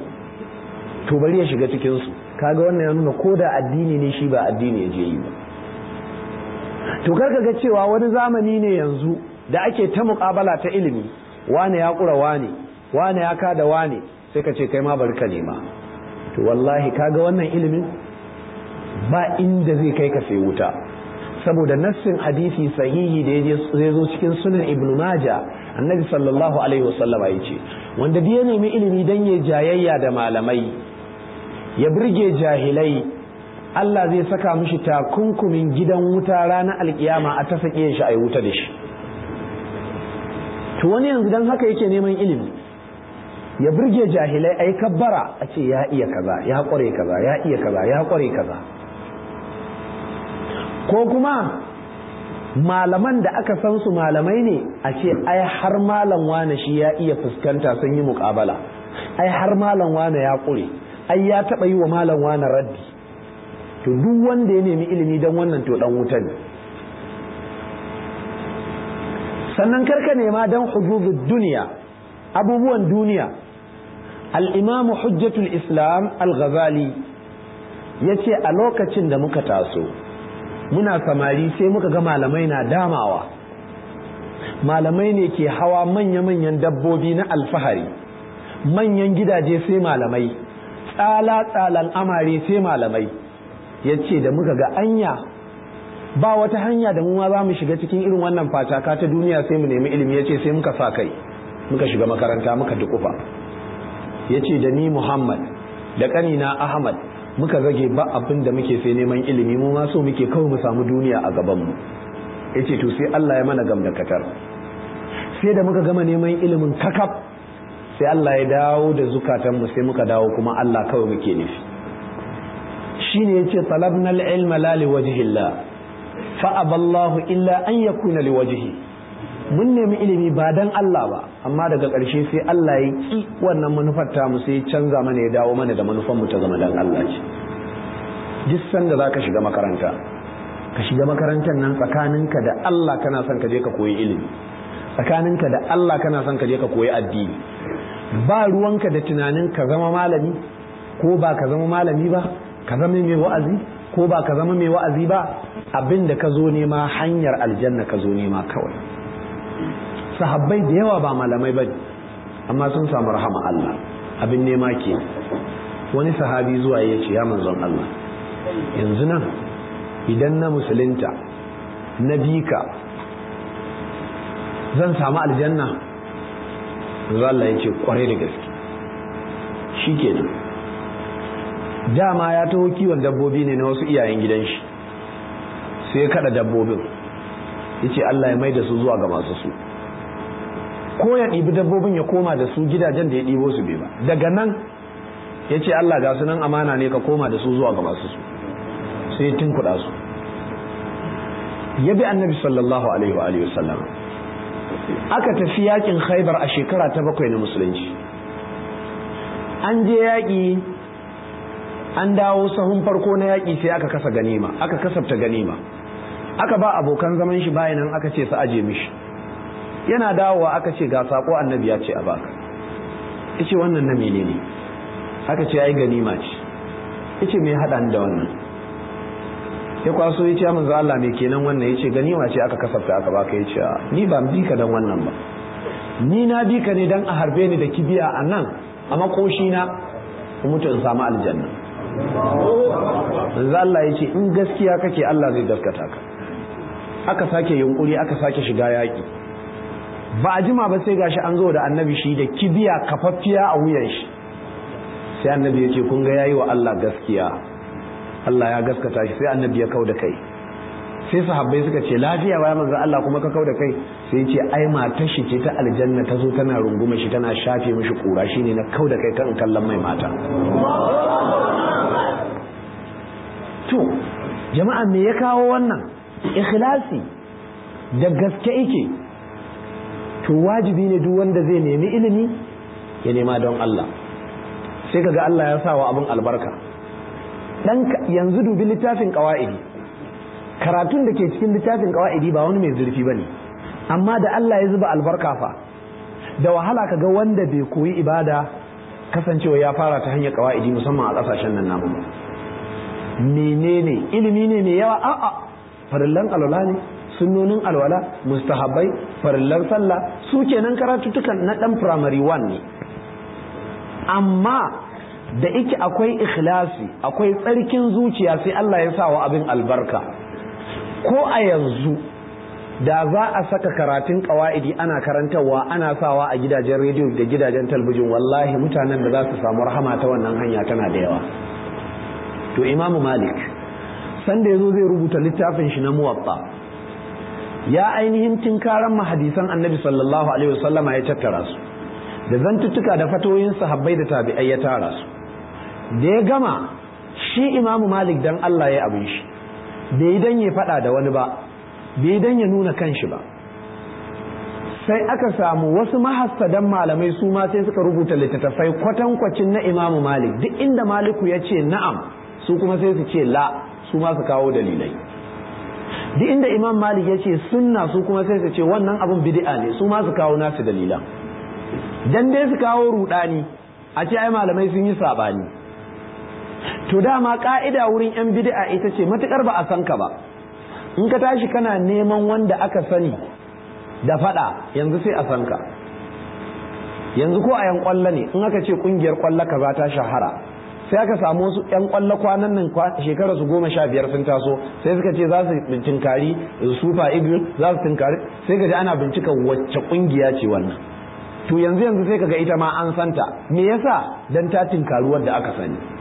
Speaker 2: to bari ya shiga cikin su kaga wannan ya nuna ko da addini ne shi ba addini ya je yi ba to ka ga cewa wani zamani ne yanzu da ake ta muƙabala ta ilimi wane ya ƙura wane wane ya kada wane sai ka ce kai ma bari ka nema to wallahi kaga wannan ilimin ba inda zai kai ka sai wuta saboda nassin hadisi sahihi da ya zo cikin sunan ibnu maja annabi sallallahu alaihi wasallama ya ce wanda da ya nemi ilimi dan ya jayayya da malamai ya burge jahilai Allah zai saka mishi takunkumin gidan wuta ranar alkiyama a ta shi a yi wuta da shi to wani yanzu don haka yake neman ilimi ya burge jahilai ai kabbara a ce ya iya kaza ya kware kaza ya iya kaza ya kware kaza ko kuma malaman da aka san su malamai ne a ce ai har malam wane shi ya iya fuskanta sun yi mukabala ai har malam wane ya kure ai ya taɓa yi wa malam wani raddi to duk wanda ya nemi ilimi don wannan to dan wuta ne sannan karka nema don hududud duniya abubuwan duniya al'imamu hujjatul islam al-ghazali ya ce a lokacin da muka taso muna samari sai muka ga malamai na damawa malamai ne ke hawa manya-manyan dabbobi na alfahari manyan gidaje sai malamai tsala-tsalan amare sai malamai ya ce da muka ga anya ba wata hanya da mu ma za mu shiga cikin irin wannan fataka ta duniya sai mu nemi ilimi ya ce sai muka sa kai muka shiga makaranta muka dukufa ya ce da ni muhammad da ƙanina ahmad muka zage ba abin da muke sai neman ilimi mu ma so muke kawai mu samu duniya a gabanmu ya ce to sai allah ya mana gamdakatar sai da muka gama neman ilimin kakaf sai Allah ya dawo da zukatanmu sai muka dawo kuma Allah kawai muke nufi ne yace talabna al-ilma la liwajhi Allah fa aballahu illa an yakuna liwajhi mun nemi ilimi ba dan Allah ba amma daga ƙarshe sai Allah ya ki wannan manufar ta mu sai ya canza mana ya dawo mana da manufar mu ta zama dan Allah ce duk da zaka shiga makaranta ka shiga makarantar nan tsakaninka da Allah kana son ka je ka koyi ilimi tsakaninka da Allah kana son ka je ka koyi addini ba ruwanka da tunanin ka zama malami ko ba ka zama malami ba ka zama mai wa'azi ko ba ka zama mai wa'azi ba abin da ka zo nema hanyar aljanna ka zo nema kawai sahabbai da yawa ba malamai ba amma sun samu rahama Allah abin nema ke wani sahabi zuwa ya ce ya manzon Allah yanzu nan idan na musulunta na bika zan samu aljanna zalla ya ce kwarai da gaske Shi ke nan dama ya taho kiwon dabbobi ne na wasu iyayen gidan shi sai ya kada dabbobin ce Allah ya mai da su zuwa ga masu su ko ya ɗibi dabbobin ya koma da su gidajen da ya ɗibo su bai ba daga nan ya ce Allah ga su nan amana ne ka koma da su zuwa ga masu su sai ya kuɗa su ya bi annabi sallallahu alaihi wa alihi wasallam aka tafi yakin khaibar a shekara ta bakwai na musulunci an je yaƙi an dawo sahun farko na yaƙi sai aka kasa ganima aka kasafta ganima aka ba abokan zaman shi bayan nan aka ce su aje mishi yana dawowa aka ce ga sako annabi ya ce a baka ce wannan na menene aka ce ai ganima ce ce me hada da wannan ya kwaso ya ce ya manzo Allah mai kenan wannan ya ce ganima ce aka kasafta aka baka ya ce ni ba bi bika dan wannan ba ni na bi ne dan a harbe ni da kibiya a nan a makoshi na mutu in samu aljanna manzo Allah ya ce in gaskiya kake Allah zai gaskata ka aka sake yunkuri aka sake shiga yaƙi ba a jima ba sai gashi an zo da annabi shi da kibiya kafaffiya a wuyan shi sai annabi ya ce kun ga yayi wa Allah gaskiya Allah ya gaskata shi sai annabi ya kau da kai sai sahabbai suka ce lafiya wa manzo Allah kuma ka kau da kai sai ce ai matar shi ce ta aljanna tazo tana runguma shi tana shafe mishi kura shine na kau da kai ta kallon mai mata to jama'a me ya kawo wannan ikhlasi da gaske yake to wajibi ne duk wanda zai nemi ilimi ya nema don Allah sai kaga Allah ya sa wa abun albarka dan yanzu dubi littafin qawaidi karatun da ke cikin littafin qawaidi ba wani mai zurfi bane amma da Allah ya zuba albarka fa da wahala ka ga wanda bai koyi ibada kasancewa ya fara ta hanyar qawaidi musamman a kasashen nan namu menene ilimi ne mai yawa a'a farillan alwala ne sunnonin alwala mustahabbai farillan sallah su kenan karatutukan na dan primary wan ne amma da iki akwai ikhlasi akwai tsarkin zuciya sai Allah ya sa wa abin albarka ko a yanzu da za a saka karatun kawa'idi ana karantarwa ana sawa a gidajen rediyo da gidajen talbijin wallahi mutanen da za su samu rahama ta wannan hanya tana da yawa to Imam malik sanda ya zo zai rubuta littafin shi na muwatta ya ainihin tinkaran mahadisan annabi sallallahu alaihi wasallama ya tattara su da zantuttuka da fatoyin sahabbai da tabi'ai ya tara su da ya gama shi imamu malik dan Allah ya abin shi bai dan ya fada da wani ba bai dan ya nuna kan shi ba sai aka samu wasu mahassadan malamai su ma sai suka rubuta littattafai kwatankwacin na imamu malik duk inda maliku ya ce na'am su kuma sai su ce la su ma su kawo dalilai duk inda imam malik ya ce sunna su kuma sai su ce wannan abin bid'a ne su ma su kawo nasu dalilan dan dai su kawo rudani a ce ai malamai sun yi sabani to dama ka'ida wurin yan bid'a ita ce matukar ba a san ka ba in ka tashi kana neman wanda aka sani da fada yanzu sai a san ka yanzu ko a yan kwallo ne in aka ce kungiyar kwallo ka za ta shahara sai aka samu wasu yan kwallo kwanan nan shekara su goma sha biyar sun taso sai suka ce za su tinkari sufa eagle za su tinkari sai ka ji ana bincika wacce kungiya ce wannan to yanzu yanzu sai kaga ita ma an santa me yasa dan ta karuwar da aka sani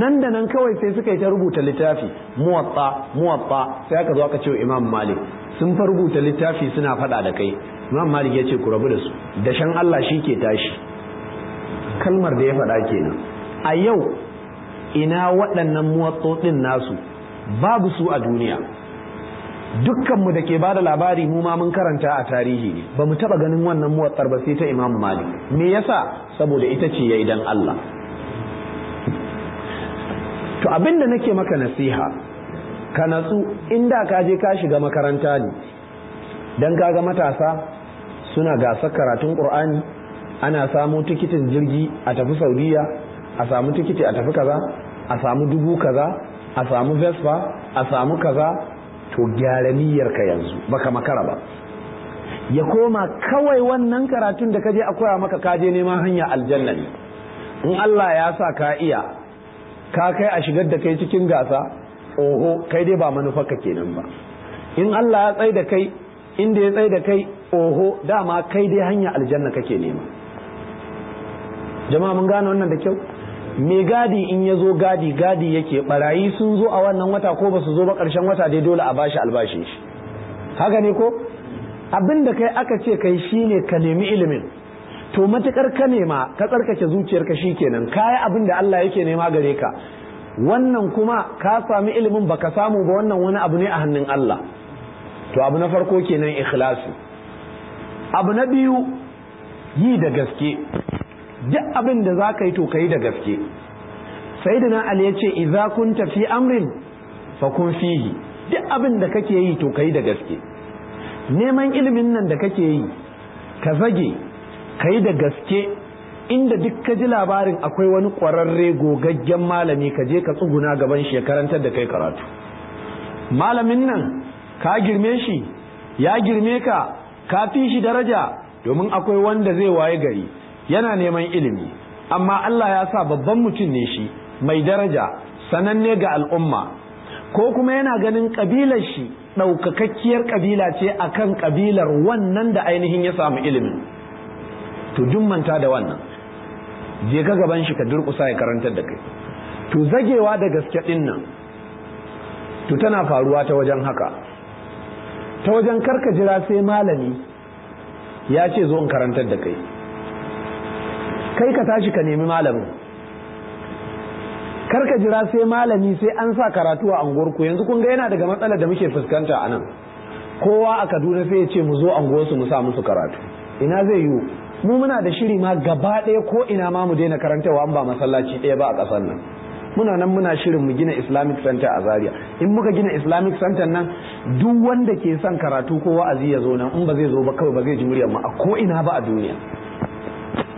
Speaker 2: nan da nan kawai sai suka yi ta rubuta littafi muwatta muwatta sai aka zo aka ce imam malik sun fa rubuta littafi suna faɗa da kai imam malik ya ce ku rabu da su dashen allah shi ke tashi kalmar da ya faɗa kenan a yau ina waɗannan ɗin nasu babu su a duniya dukkanmu da ke bada labari mu ma mun karanta a tarihi ne ba mu taɓa ganin wannan muwatsar ba sai ta imam malik me yasa saboda ita ce ya dan allah to abin da nake maka nasiha ka natsu inda ka je ka shiga makaranta ne dan kaga matasa suna gasa karatun qur'ani ana samu tikitin jirgi a tafi saudiya a samu tikiti a tafi kaza a samu dubu kaza a samu vespa a samu kaza to gyara ka yanzu baka makara ba ya koma kawai wannan karatun da kaje a koya maka kaje neman hanya aljanna ne in Allah ya sa ka iya ka kai a shigar da kai cikin gasa oho kai dai ba manufa manufarka kenan ba in Allah ya tsai da kai inda ya tsai da kai oho dama kai dai hanya aljanna kake nema jama'a mun gane wannan da kyau me gadi in ya zo gadi gadi yake barayi sun zo a wannan wata ko ba su zo ba karshen wata dai dole a bashi albashin shi haka ne ko abin da kai aka ce kai shine ka nemi ilimin to matukar ka nema ka tsarkake zuciyar zuciyarka shikenan kayi abin da Allah yake nema gare ka wannan kuma ka sami ilimin baka samu ba wannan wani abu ne a hannun Allah to abu na farko kenan ikhlasi abu na biyu yi da gaske duk abin da za ka yi to ka yi da gaske sayyidina ali ya ce idza kunta fi amrin fa kun fihi duk abin da kake yi to ka yi da gaske neman ilimin nan da kake yi ka zage kai da gaske inda duk ka ji labarin akwai wani ƙwararre gogaggen malami ka je ka tsuguna gaban shekarantar ya karantar da kai karatu malamin nan ka girme shi ya girme ka ka fi shi daraja domin akwai wanda zai waye gari yana neman ilimi amma Allah ya sa babban mutum ne shi mai daraja sananne ga al'umma ko kuma yana ganin kabilar shi ɗaukakakkiyar ƙabila ce akan kabilar wannan da ainihin ya samu ilimin to jummanta da wannan je ka gaban shi ka durƙusa ya karantar da kai to zagewa da gaske din nan to tana faruwa ta wajen haka ta wajen karka jira sai malami ya ce zo in karantar da kai kai ka tashi ka nemi malamin karka jira sai malami sai an sa karatu a unguwarku yanzu kun ga yana daga matsalar da muke fuskanta a nan kowa a kaduna sai ya ce mu zo unguwarsu mu sa musu karatu ina zai yiwu mu muna da shiri ma gaba ɗaya ko ina ma mu daina karantawa an ba masallaci ɗaya ba a ƙasar nan muna nan muna shirin mu gina islamic center a zaria in muka gina islamic center nan duk wanda ke son karatu ko wa'azi ya zo nan in ba zai zo ba kawai ba zai ji muryar mu a ko ina ba a duniya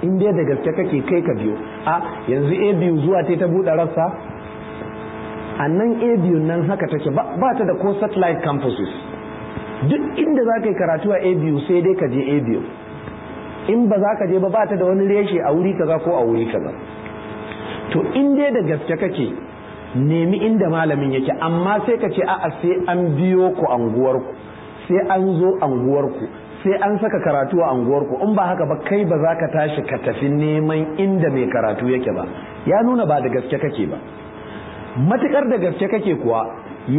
Speaker 2: in dai da gaske kake kai ka biyo a yanzu a biyu zuwa ta ta buɗe rassa a nan a biyu nan haka take ba ta da ko satellite campuses duk inda za ka yi karatu a a biyu sai dai ka je a biyu in ba za ka je ba ba ta da wani reshe a wuri kaza ko a wuri kaza to in dai da gaske kake nemi inda malamin yake amma sai ka ce a'a sai an biyo ku anguwarku sai an zo anguwarku sai an saka karatu a unguwarku. in ba haka ba kai ba za ka tashi ka tafi neman inda mai karatu yake ba ya nuna ba da gaske kake ba matukar da gaske kake kuwa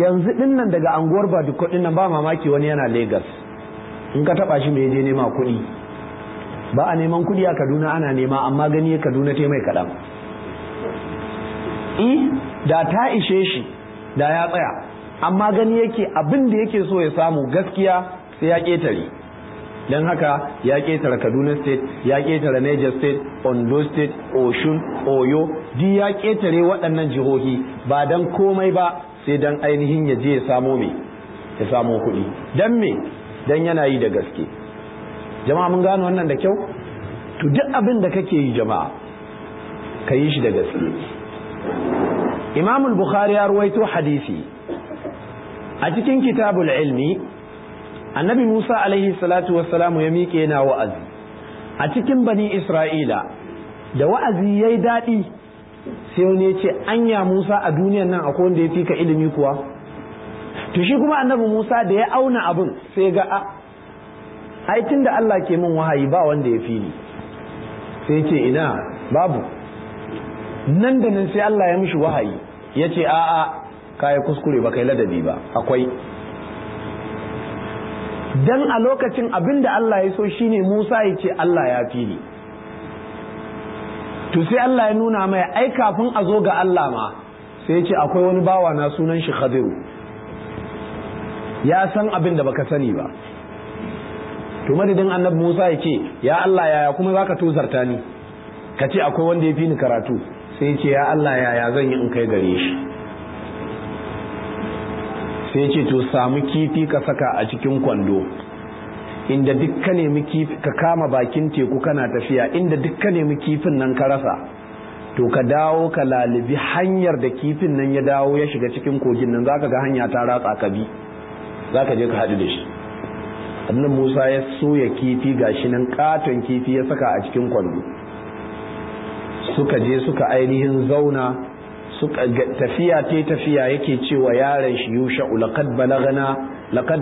Speaker 2: yanzu dinnan daga anguwar ba duk nan ba mamaki wani yana Legas in ka taba shi mai je nema kuɗi ba a neman kudi a kaduna ana nema amma gani ya kaduna te mai kaɗan i da ta ishe shi da ya tsaya amma gani yake abin da yake so ya samu gaskiya sai ya ƙetare don haka ya ƙetare kaduna state ya ƙetare niger state ondo state oshun oyo duk ya ƙetare waɗannan jihohi ba don komai ba sai don ainihin ya je ya samo me ya samo kuɗi don me don yana yi da gaske jama'a mun gano wannan da kyau to duk abin da kake yi jama'a ka yi shi da gaske imamul bukhari ya ruwaito hadisi a cikin kitabul ilmi annabi musa alaihi salatu wassalamu ya miƙe yana wa'azi a cikin bani isra'ila da wa'azi ya yi daɗi sai wani ce anya musa a duniyan nan akwai wanda ya fi ka ilimi kuwa to shi kuma annabi musa da ya auna abun sai ga a ah, ai da Allah ke min wahayi ba wanda ya fili. sai ce ina babu nan da nan sai Allah ya mishi wahayi ya ce a'a yi kuskure ba kai ladabi ba akwai dan a lokacin abin da Allah ya so shine Musa ya ce Allah ya fili. to sai Allah ya nuna mai ai kafin a zo ga Allah ma sai ya ce akwai wani bawa na sunan shi Khadiru ya san abin da baka sani ba to madadin annabi Musa ya ce ya Allah yaya kuma zaka tozarta ni ka ce akwai wanda ya fi ni karatu sai ya ce ya Allah yaya zan yi in kai gare shi sai ya ce to samu kifi ka saka a cikin kwando inda duk ka ka kama bakin teku kana tafiya inda duk ne kifin nan ka rasa to ka dawo ka lalibi hanyar da kifin nan ya dawo ya shiga cikin kogin nan zaka ga hanya ta ratsa ka bi zaka je ka haɗu da shi annan musa ya soya kifi gashi nan katon kifi ya saka a cikin kwando suka je suka ainihin zauna suka tafiya ta tafiya yake cewa yaran shi yusha laqad balagana laqad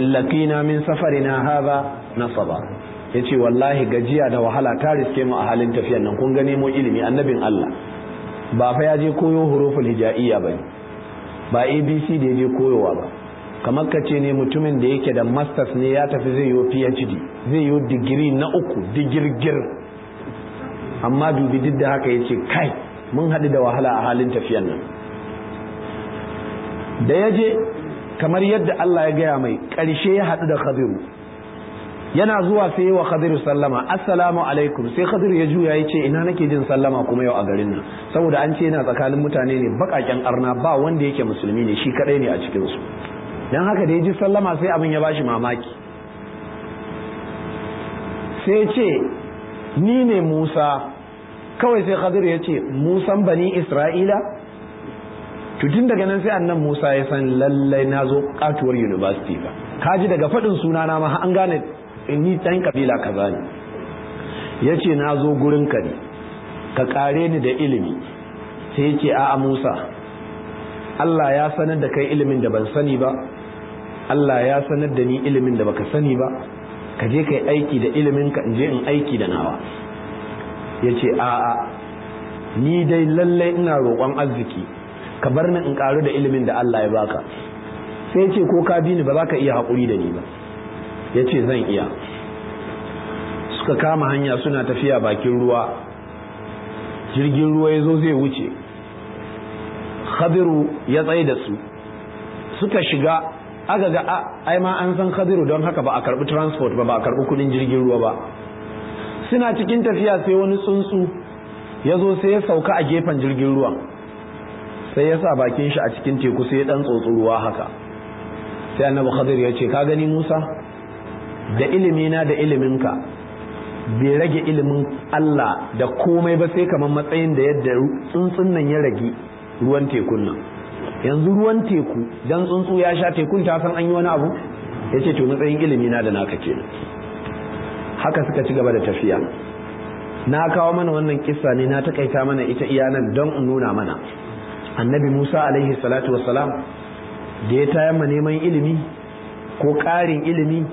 Speaker 2: laqina min safarina hadha nasaba yace wallahi gajiya da wahala ta riske mu a halin tafiyar nan kun gane mu ilimi annabin Allah ba fa ya je koyo huruful hijaiya ba ba abc da ya je koyowa ba kamar ka ce ne mutumin da yake da masters ne ya tafi zai yi phd zai yi digiri na uku digirgir amma dubi duk da haka ya ce kai mun haɗu da wahala a halin tafiyan nan da ya je kamar yadda Allah ya gaya mai ƙarshe ya haɗu da khadiru yana zuwa sai wa khadiru sallama assalamu alaikum sai khadiru ya juya ya ce ina nake jin sallama kuma yau a garin nan saboda an ce yana tsakanin mutane ne baƙaƙen arna ba wanda yake musulmi ne shi kaɗai ne a cikinsu don haka da ya ji sallama sai abin ya ba shi mamaki sai ce ni ne musa kawai sai khadir ya ce musan bani isra'ila tun daga nan sai annan musa ya san lallai na zo katuwar university ba kaji daga faɗin sunana ma an gane ni ɗan kabila kaza ne ya ce na zo ka ne ka kare ni da ilimi sai ya ce a'a musa Allah ya sanar da kai ilimin da ban sani ba Allah ya sanar da ni ilimin da baka sani ba ka je kai aiki da ilimin ka in je in aiki da nawa yace a'a ni dai lalle ina roƙon arziki ka bar ni in karu da ilimin da Allah ya baka sai ce ko ka bi ni ba za ka iya haƙuri da ni ba yace zan iya suka kama hanya suna tafiya bakin ruwa jirgin ruwa ya zo zai wuce khadiru ya tsaye da su suka shiga aka ga ai ma an san khadiru don haka ba a karbi transport ba ba a karbi kudin jirgin ruwa ba suna cikin tafiya sai wani tsuntsu ya zo sai ya sauka a gefen jirgin ruwan sai ya sa bakin shi a cikin teku sai ya dan tsotsi ruwa haka sai annabi khadir ya ce ka gani musa da ilimi na da ilimin ka bai rage ilimin allah da komai ba sai kamar matsayin da yadda tsuntsun nan ya rage ruwan tekun nan yanzu ruwan teku dan tsuntsu ya sha tekun ta san an yi wani abu ya ce to matsayin ilimi na da naka kenan haka suka ci gaba da tafiya na kawo mana wannan kissa ne na takaita mana ita iyanan don in nuna mana annabi musa alaihi salatu wassalam da ya tayar ma neman ilimi ko ƙarin ilimi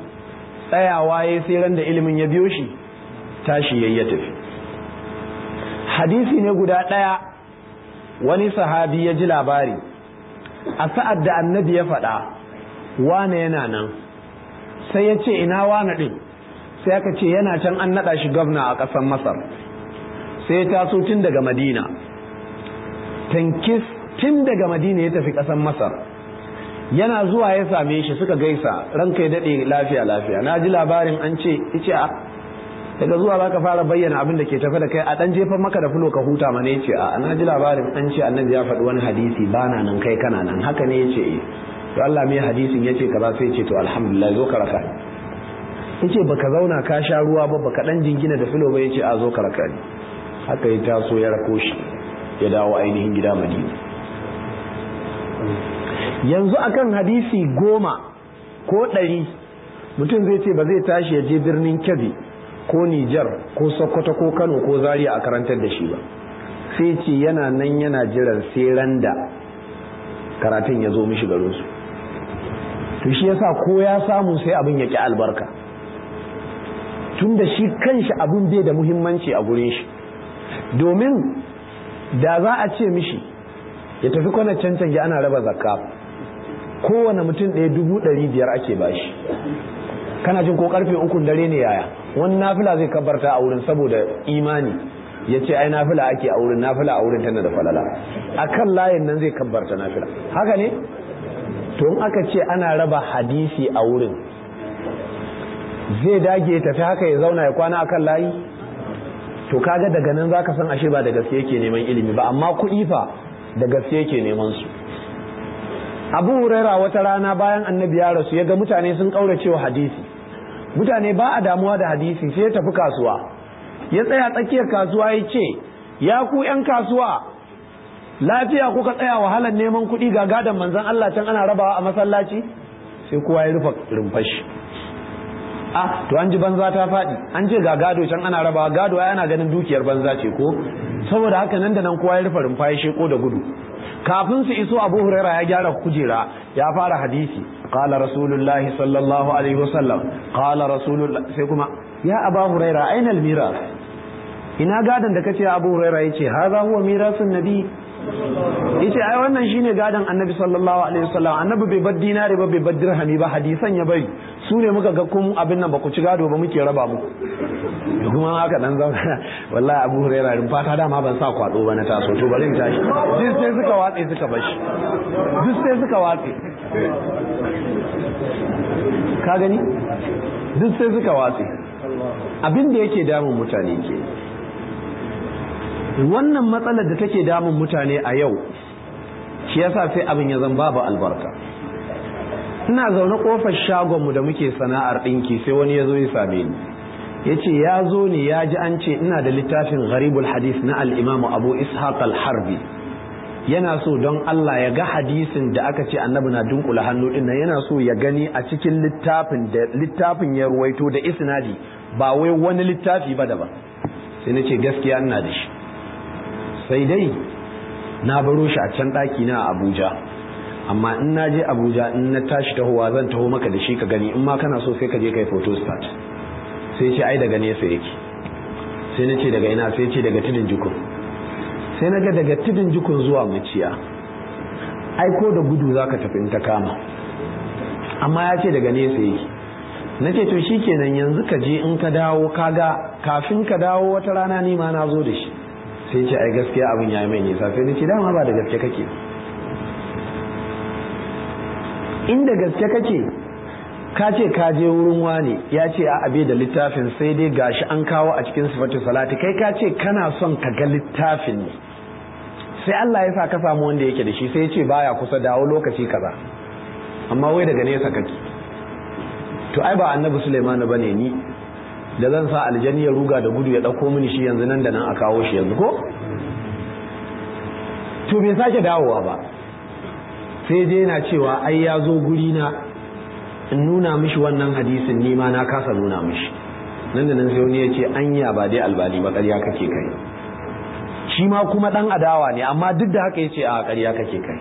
Speaker 2: tsayawa ya sai ran da ilimin ya biyo shi tashi yayi ya tafi hadisi ne guda ɗaya wani sahabi ya ji labari a sa'ad da annabi ya faɗa wane yana nan sai ya ce ina wane ɗin sai aka ce yana can an naɗa shi gwamna a ƙasar masar sai ya taso tun daga madina tankis tun daga madina ya tafi ƙasar masar yana zuwa ya same shi suka gaisa ranka ya daɗe lafiya lafiya na ji labarin an ce ice daga zuwa ka fara bayyana abin da ke tafe da kai a dan jefa maka da fulo ka huta mana ce a na ji labarin an ce annabi ya faɗi wani hadisi ba na nan kai kana nan haka ne ya yace eh. to Allah mai hadisin ya ka kaza sai ce to alhamdulillah zo ka raka Ya ba baka zauna ka sha ruwa ba baka ɗan jingina da fulo ba ya ce a zo ka raka ne haka ya taso ya rako ya dawo ainihin gida Madina yanzu akan hadisi goma ko ɗari mutum zai ce ba zai tashi ya je birnin Kebbi ko Nijar ko Sokoto ko Kano ko Zaria a karantar da shi ba sai ce yana nan yana jiran sai randa karatun ya zo mishi garin su to shi yasa ko ya samu sai abin ya ki albarka tun da shi kanshi abin bai da muhimmanci a gurin shi domin da za a ce mishi ya tafi kwana cancan ya ana raba zakka kowane mutum ɗaya dubu ɗari biyar ake bashi kana jin ko karfe ukun dare ne yaya wani nafila zai kabarta a wurin saboda imani ya ce ai nafila ake a wurin nafila a wurin tana da falala a kan layin nan zai kabarta nafila haka ne to in aka ce ana raba hadisi a wurin zai dage ya tafi haka ya zauna ya kwana akan layi to kaga daga nan zaka san ashe ba da gaske yake neman ilimi ba amma kuɗi fa da gaske yake neman su abu huraira wata rana bayan annabi ya rasu ya ga mutane sun ƙaurace wa hadisi mutane ba a damuwa da hadisi sai ya tafi kasuwa ya tsaya tsakiyar kasuwa ya ce ya ku 'yan kasuwa lafiya kuka tsaya wahalar neman kuɗi ga gadon manzan Allah can ana rabawa a masallaci sai kowa ya rufa rumfashi a ah, to an ji banza ta faɗi an ce ga gado can ana rabawa gado ya ana ganin dukiyar banza ce ko saboda haka nan da nan kowa ya rufa rumfa ya sheko da gudu kafin su iso abu huraira ya gyara kujera ya fara hadisi qala rasulullahi sallallahu alaihi wasallam qala rasulullah sai kuma ya aba huraira aina almira ina gadon da kace abu huraira yace hadha huwa mirasun nabi yace ai wannan shine gadon annabi sallallahu alaihi wasallam annabi bai bar dinare ba bai bar dirhami ba hadisan ya bari su ne muka ga kun abin nan ba ku ci gado ba muke raba mu kuma haka dan zauna wallahi abu huraira rin fata dama ban sa kwado ba na taso to bari in tashi duk sai suka watse suka bashi duk sai suka watse ka gani duk sai suka watse abin da yake damun mutane ke wannan matsalar da take damun mutane a yau shi yasa sai abin ya zan babu albarka ina zaune kofar shagonmu da muke sana'ar ɗinki sai wani ya zo ya same ni ya ce ya zo ne ya ji an ce ina da littafin gharibul hadis na al'imamu abu ishaq al-harbi yana so don Allah ya ga hadisin da aka ce annabi na dunkula hannu din nan yana so ya gani a cikin littafin da littafin ya ruwaito da isnadi ba wai wani littafi ba daban sai na ce gaskiya ina da shi sai dai na baro shi a can daki na abuja amma in na je abuja in na tashi tahowa zan taho maka da shi ka gani in ma kana so sai ka je kai photo start sai ce ai daga nesa yake sai na ce daga ina sai ce daga tudun jukun sai na ga daga tudun jukun zuwa maciya ai ko da gudu za ka tafi in ta kama amma ya ce daga nesa yake na ce to shi kenan yanzu ka je in ka dawo kaga kafin ka dawo wata rana ni ma na zo da shi sai ce ai gaskiya abin ya yi mai nisa sai nace dama ba da gaske kake inda gaske kake ka ce ka je wurin wani ya ce a abe da littafin sai dai gashi an kawo a cikin sifatu salati kai ka ce kana son ka ga littafin ne sai Allah ya sa ka samu wanda yake da shi sai ya ce baya kusa dawo lokaci kaza amma wai daga nesa kake to ai ba annabi Sulaiman bane ni da zan sa aljani ya ruga da gudu ya ɗauko mini shi yanzu nan da nan a kawo shi yanzu ko to bai sake dawowa ba sai je yana cewa ai ya zo guri na in nuna mishi wannan hadisin nima na kasa nuna mishi nan da nan sai wani ya ce anya ba dai albani ba ƙarya kake kai shi ma kuma ɗan adawa ne amma duk da haka ya ce a ƙarya kake kai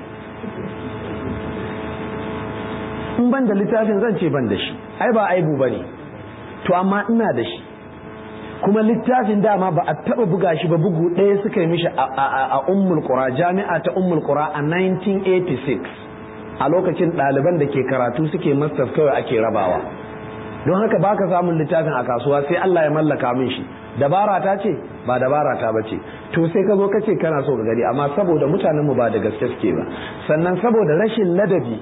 Speaker 2: in ban da littafin zan ce ban da shi ai ba aibu ba ne to amma ina da shi kuma littafin dama ba a taba buga shi ba bugu ɗaya suka yi mishi a ummul qura jami'a ta ummul qura a 1986 a lokacin ɗaliban da ke karatu suke masters kawai ake rabawa don haka baka samun littafin a kasuwa sai Allah ya mallaka min shi dabara ta ce ba dabara ta bace to sai ka zo kace kana so ka gari amma saboda mutanen mu ba da gaske suke ba sannan saboda rashin ladabi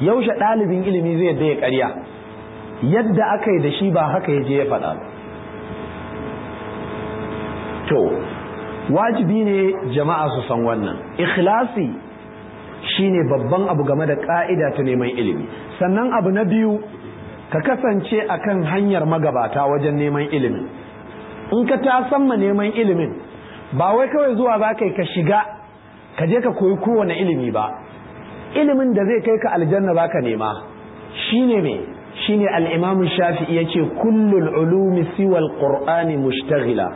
Speaker 2: yaushe ɗalibin ilimi zai yadda ya ƙarya yadda aka yi da shi ba haka ya je ya faɗa ba to wajibi ne jama'a su san wannan ikhlasi shine babban abu game da ka'ida ta neman ilimi sannan abu na biyu ka kasance akan hanyar magabata wajen neman ilimin in ka tasan ma neman ilimin ba wai kawai zuwa za ka ka shiga ka je ka koyi kowane ilimi ba ilimin da zai kai ka aljanna za ka nema shine me shine al-imam shafi'i yace kullul ulumi siwa al-qur'ani mushtaghila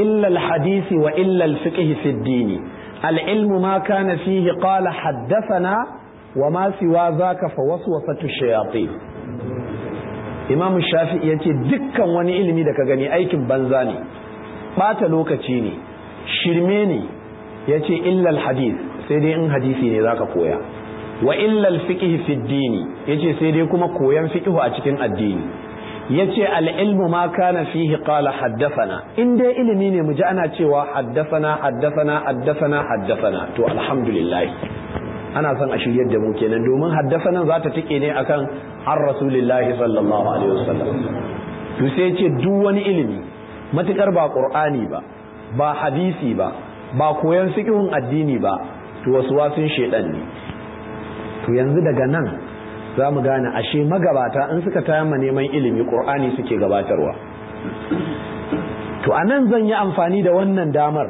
Speaker 2: illa al-hadith wa illa al-fiqh fi ad-din al-ilm ma kana fihi qala haddathana wa ma siwa zaka fa waswasatu shayatin imam shafi'i yace dukkan wani ilimi da ka gani aikin banza ne bata lokaci ne shirme ne yace illa al-hadith sai dai in hadisi ne zaka koya wa illal al-fiqh fi yace sai dai kuma koyan fiqh a cikin addini yace al-ilmu ma kana fihi qala haddathana in dai ilimi ne mu ji ana cewa haddathana haddathana haddathana haddathana to alhamdulillah ana son a shiryar da mu kenan domin haddathana za ta tike ne akan har rasulillahi sallallahu alaihi wasallam to sai yace duk wani ilimi matukar ba qur'ani ba ba hadisi ba ba koyan fiqhun addini ba to wasu wasun shedan ne to yanzu daga nan za mu gane ashe magabata in suka tayamma neman ilimi ƙur'ani suke gabatarwa to a nan zan yi amfani da wannan damar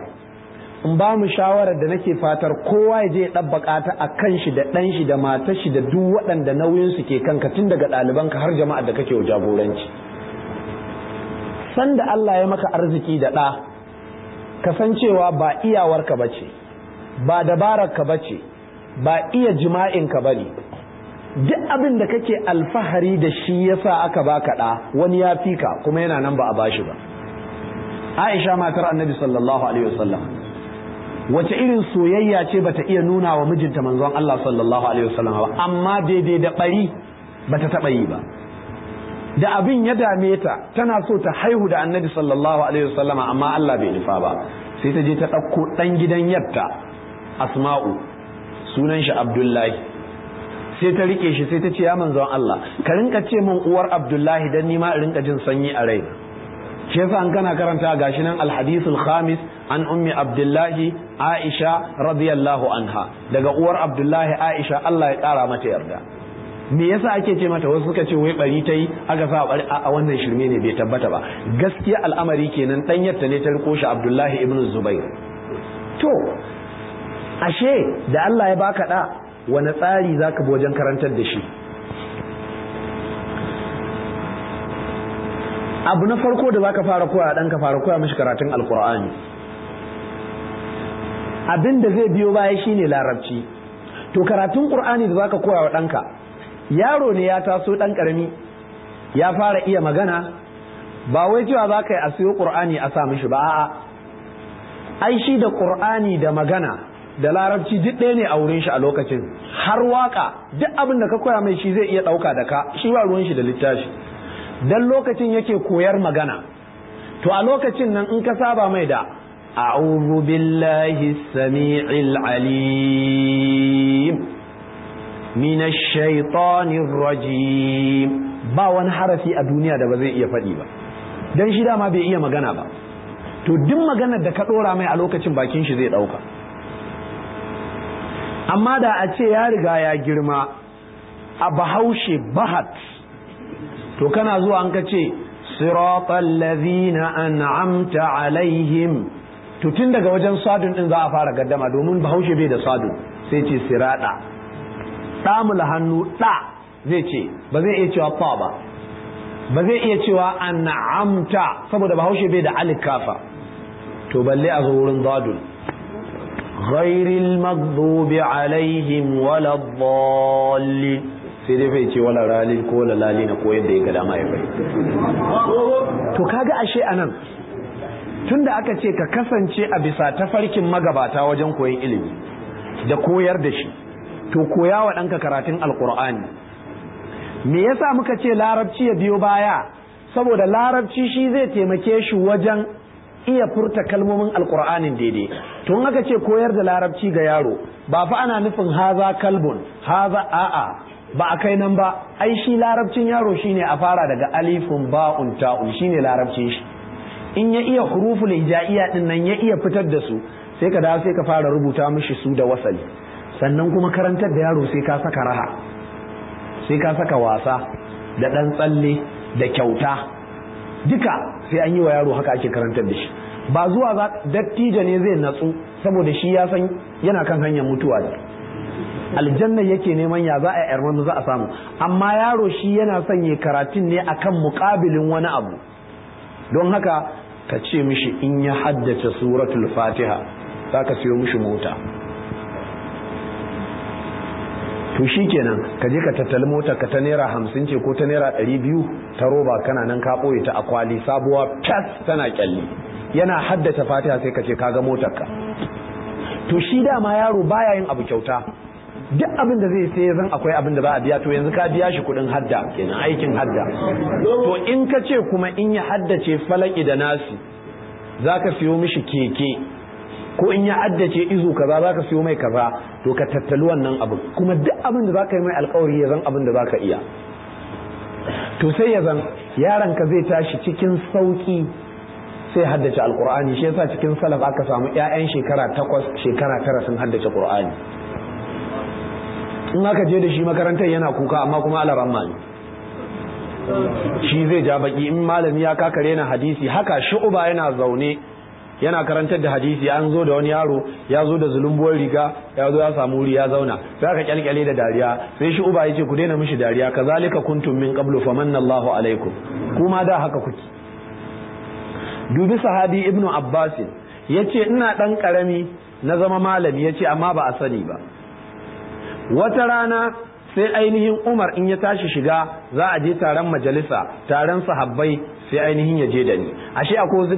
Speaker 2: in ba mu shawarar da nake fatar kowa ya je ya ɗabbaƙa ta a kan shi da ɗan shi da matar shi da duk waɗanda nauyin su ke kanka tun daga ɗalibanka har jama'a da kake jagoranci da Allah ya maka arziki da ɗa kasancewa ba iyawarka bace ba dabararka bace ba iya jima'in ka bane duk abin da kake alfahari da shi yasa aka baka ɗa wani ya fi kuma yana nan ba a bashi ba Aisha matar Annabi sallallahu alaihi wasallam wace irin soyayya ce bata iya nuna wa mijinta manzon Allah sallallahu alaihi wasallam ba amma daidai da bari bata taba yi ba da abin ya dame ta tana so ta haihu da Annabi sallallahu alaihi wasallam amma Allah bai nufa ba sai ta je ta ɗauko ɗan gidan yatta Asma'u sunan shi abdullahi sai ta rike shi sai ta ce ya manzon Allah ka rinka ce min uwar abdullahi dan nima in rinka jin sanyi a rai shi yasa an kana karanta gashi nan alhadithul khamis an ummi abdullahi aisha radiyallahu anha daga uwar abdullahi aisha Allah ya kara mata yarda me yasa ake ce mata wasu suka ce wai bari ta yi aka sa bari a wannan shirme ne bai tabbata ba gaskiya al'amari kenan dan yatta ne ta riko shi abdullahi ibnu zubair to ashe da Allah ya baka da wani tsari zaka bi wajen karantar da shi abu na farko da zaka fara koya dan ka fara koya mishi karatun alqur'ani abin da zai biyo baya shine larabci to karatun ƙur'ani da zaka koya wa ɗanka yaro ne ya taso ɗan ƙarami ya fara iya magana ba wai cewa zaka yi a siyo ƙur'ani a sa mishi ba a'a ai shi da ƙur'ani da magana da larabci duk ɗaya ne a wurin shi a lokacin har waka duk abin da ka koya mai shi zai iya ɗauka da ka shi ba ruwan shi da littafi dan lokacin yake koyar magana to a lokacin nan in ka saba mai da a'udhu billahi samii'il alim minash shaitanir rajim ba wani harafi a duniya da ba zai iya faɗi ba dan shi dama bai iya magana ba to duk maganar da ka ɗora mai a lokacin bakin shi zai ɗauka amma da a ce ya riga ya girma a bahaushe bahat to kana zuwa an ka ce siratan lazina an'amta alaihim to tun daga wajen sadun din za a fara gaddama domin bahaushe bai da sadu sai ce sirada tamul hannu ɗa zai ce ba zai iya cewa fa ba ba zai iya cewa an'amta saboda bahaushe bai da alikafa to balle a zo wurin zadun غير المغضوب عليهم ولا الضالين sai dai fai ce wala ralil ko wala na ko yadda ya ga dama ya bai to kaga ashe anan tunda aka ce ka kasance a bisa tafarkin magabata wajen koyon ilimi da koyar da shi to koya wa ɗanka karatun alkur'ani me yasa muka ce larabci ya biyo baya saboda larabci shi zai taimake shi wajen iya furta kalmomin alkur'anin daidai tun aka ce koyar da larabci ga yaro ba fa ana nufin haza kalbun haza a'a ba a kai nan ba ai shi larabcin yaro shine a fara daga alifun ba'un ta'un shine larabcin shi in ya iya huruful hijaiya din nan ya iya fitar da su sai ka dawo sai ka fara rubuta mishi su da wasali sannan kuma karantar da yaro sai ka saka raha sai ka saka wasa da dan tsalle da kyauta duka sai an yi wa yaro haka ake karantar da shi ba zuwa za dattijo ne zai natsu saboda shi ya san yana kan hanyar mutuwa ne aljanna yake neman ya za a yar wanda za a samu amma yaro shi yana son ya karatun ne akan mukabilin wani abu don haka ka ce mishi in ya haddace suratul fatiha za ka siyo mishi mota to shi kenan ka je ka tattali motar ka ta naira hamsin ce ko ta naira ɗari biyu ta roba kana nan ka ɓoye ta akwali sabuwa fes tana kyalli yana haddace fatiha sai ka ce ka ga motarka. to shi dama yaro baya yin abu kyauta duk abin da zai sai zan akwai abin da ba a biya to yanzu ka biya shi kuɗin hadda kenan aikin hadda to in ka ce kuma in ya haddace falaki da nasi za ka siyo mishi keke ko in ya addace izu kaza zaka siyo mai kaza to ka tattali wannan abin kuma duk abin da zaka yi mai alkawari ya zan abin da zaka iya to sai ya zan yaron ka zai tashi cikin sauki sai haddace alkur'ani shi yasa cikin salaf aka samu ƴaƴan shekara takwas shekara tara sun haddace qur'ani in aka je da shi makarantar yana kuka amma kuma alaramma ne shi zai ja baki in malami ya kakare na hadisi haka shu'uba yana zaune yana karantar da hadisi an zo da wani yaro ya zo da zulumbuwar riga ya zo ya samu wuri ya zauna za ka kyalkyale da dariya sai shi uba yace ku daina mishi dariya kazalika kuntum min qablu famanna Allahu alaikum kuma da haka kuke dubi sahabi ibnu abbas yace ina dan karami na zama malami yace amma ba a sani ba wata rana sai ainihin Umar in ya tashi shiga za a je taron majalisa taron sahabbai sai ainihin ya je da ni ashe akwai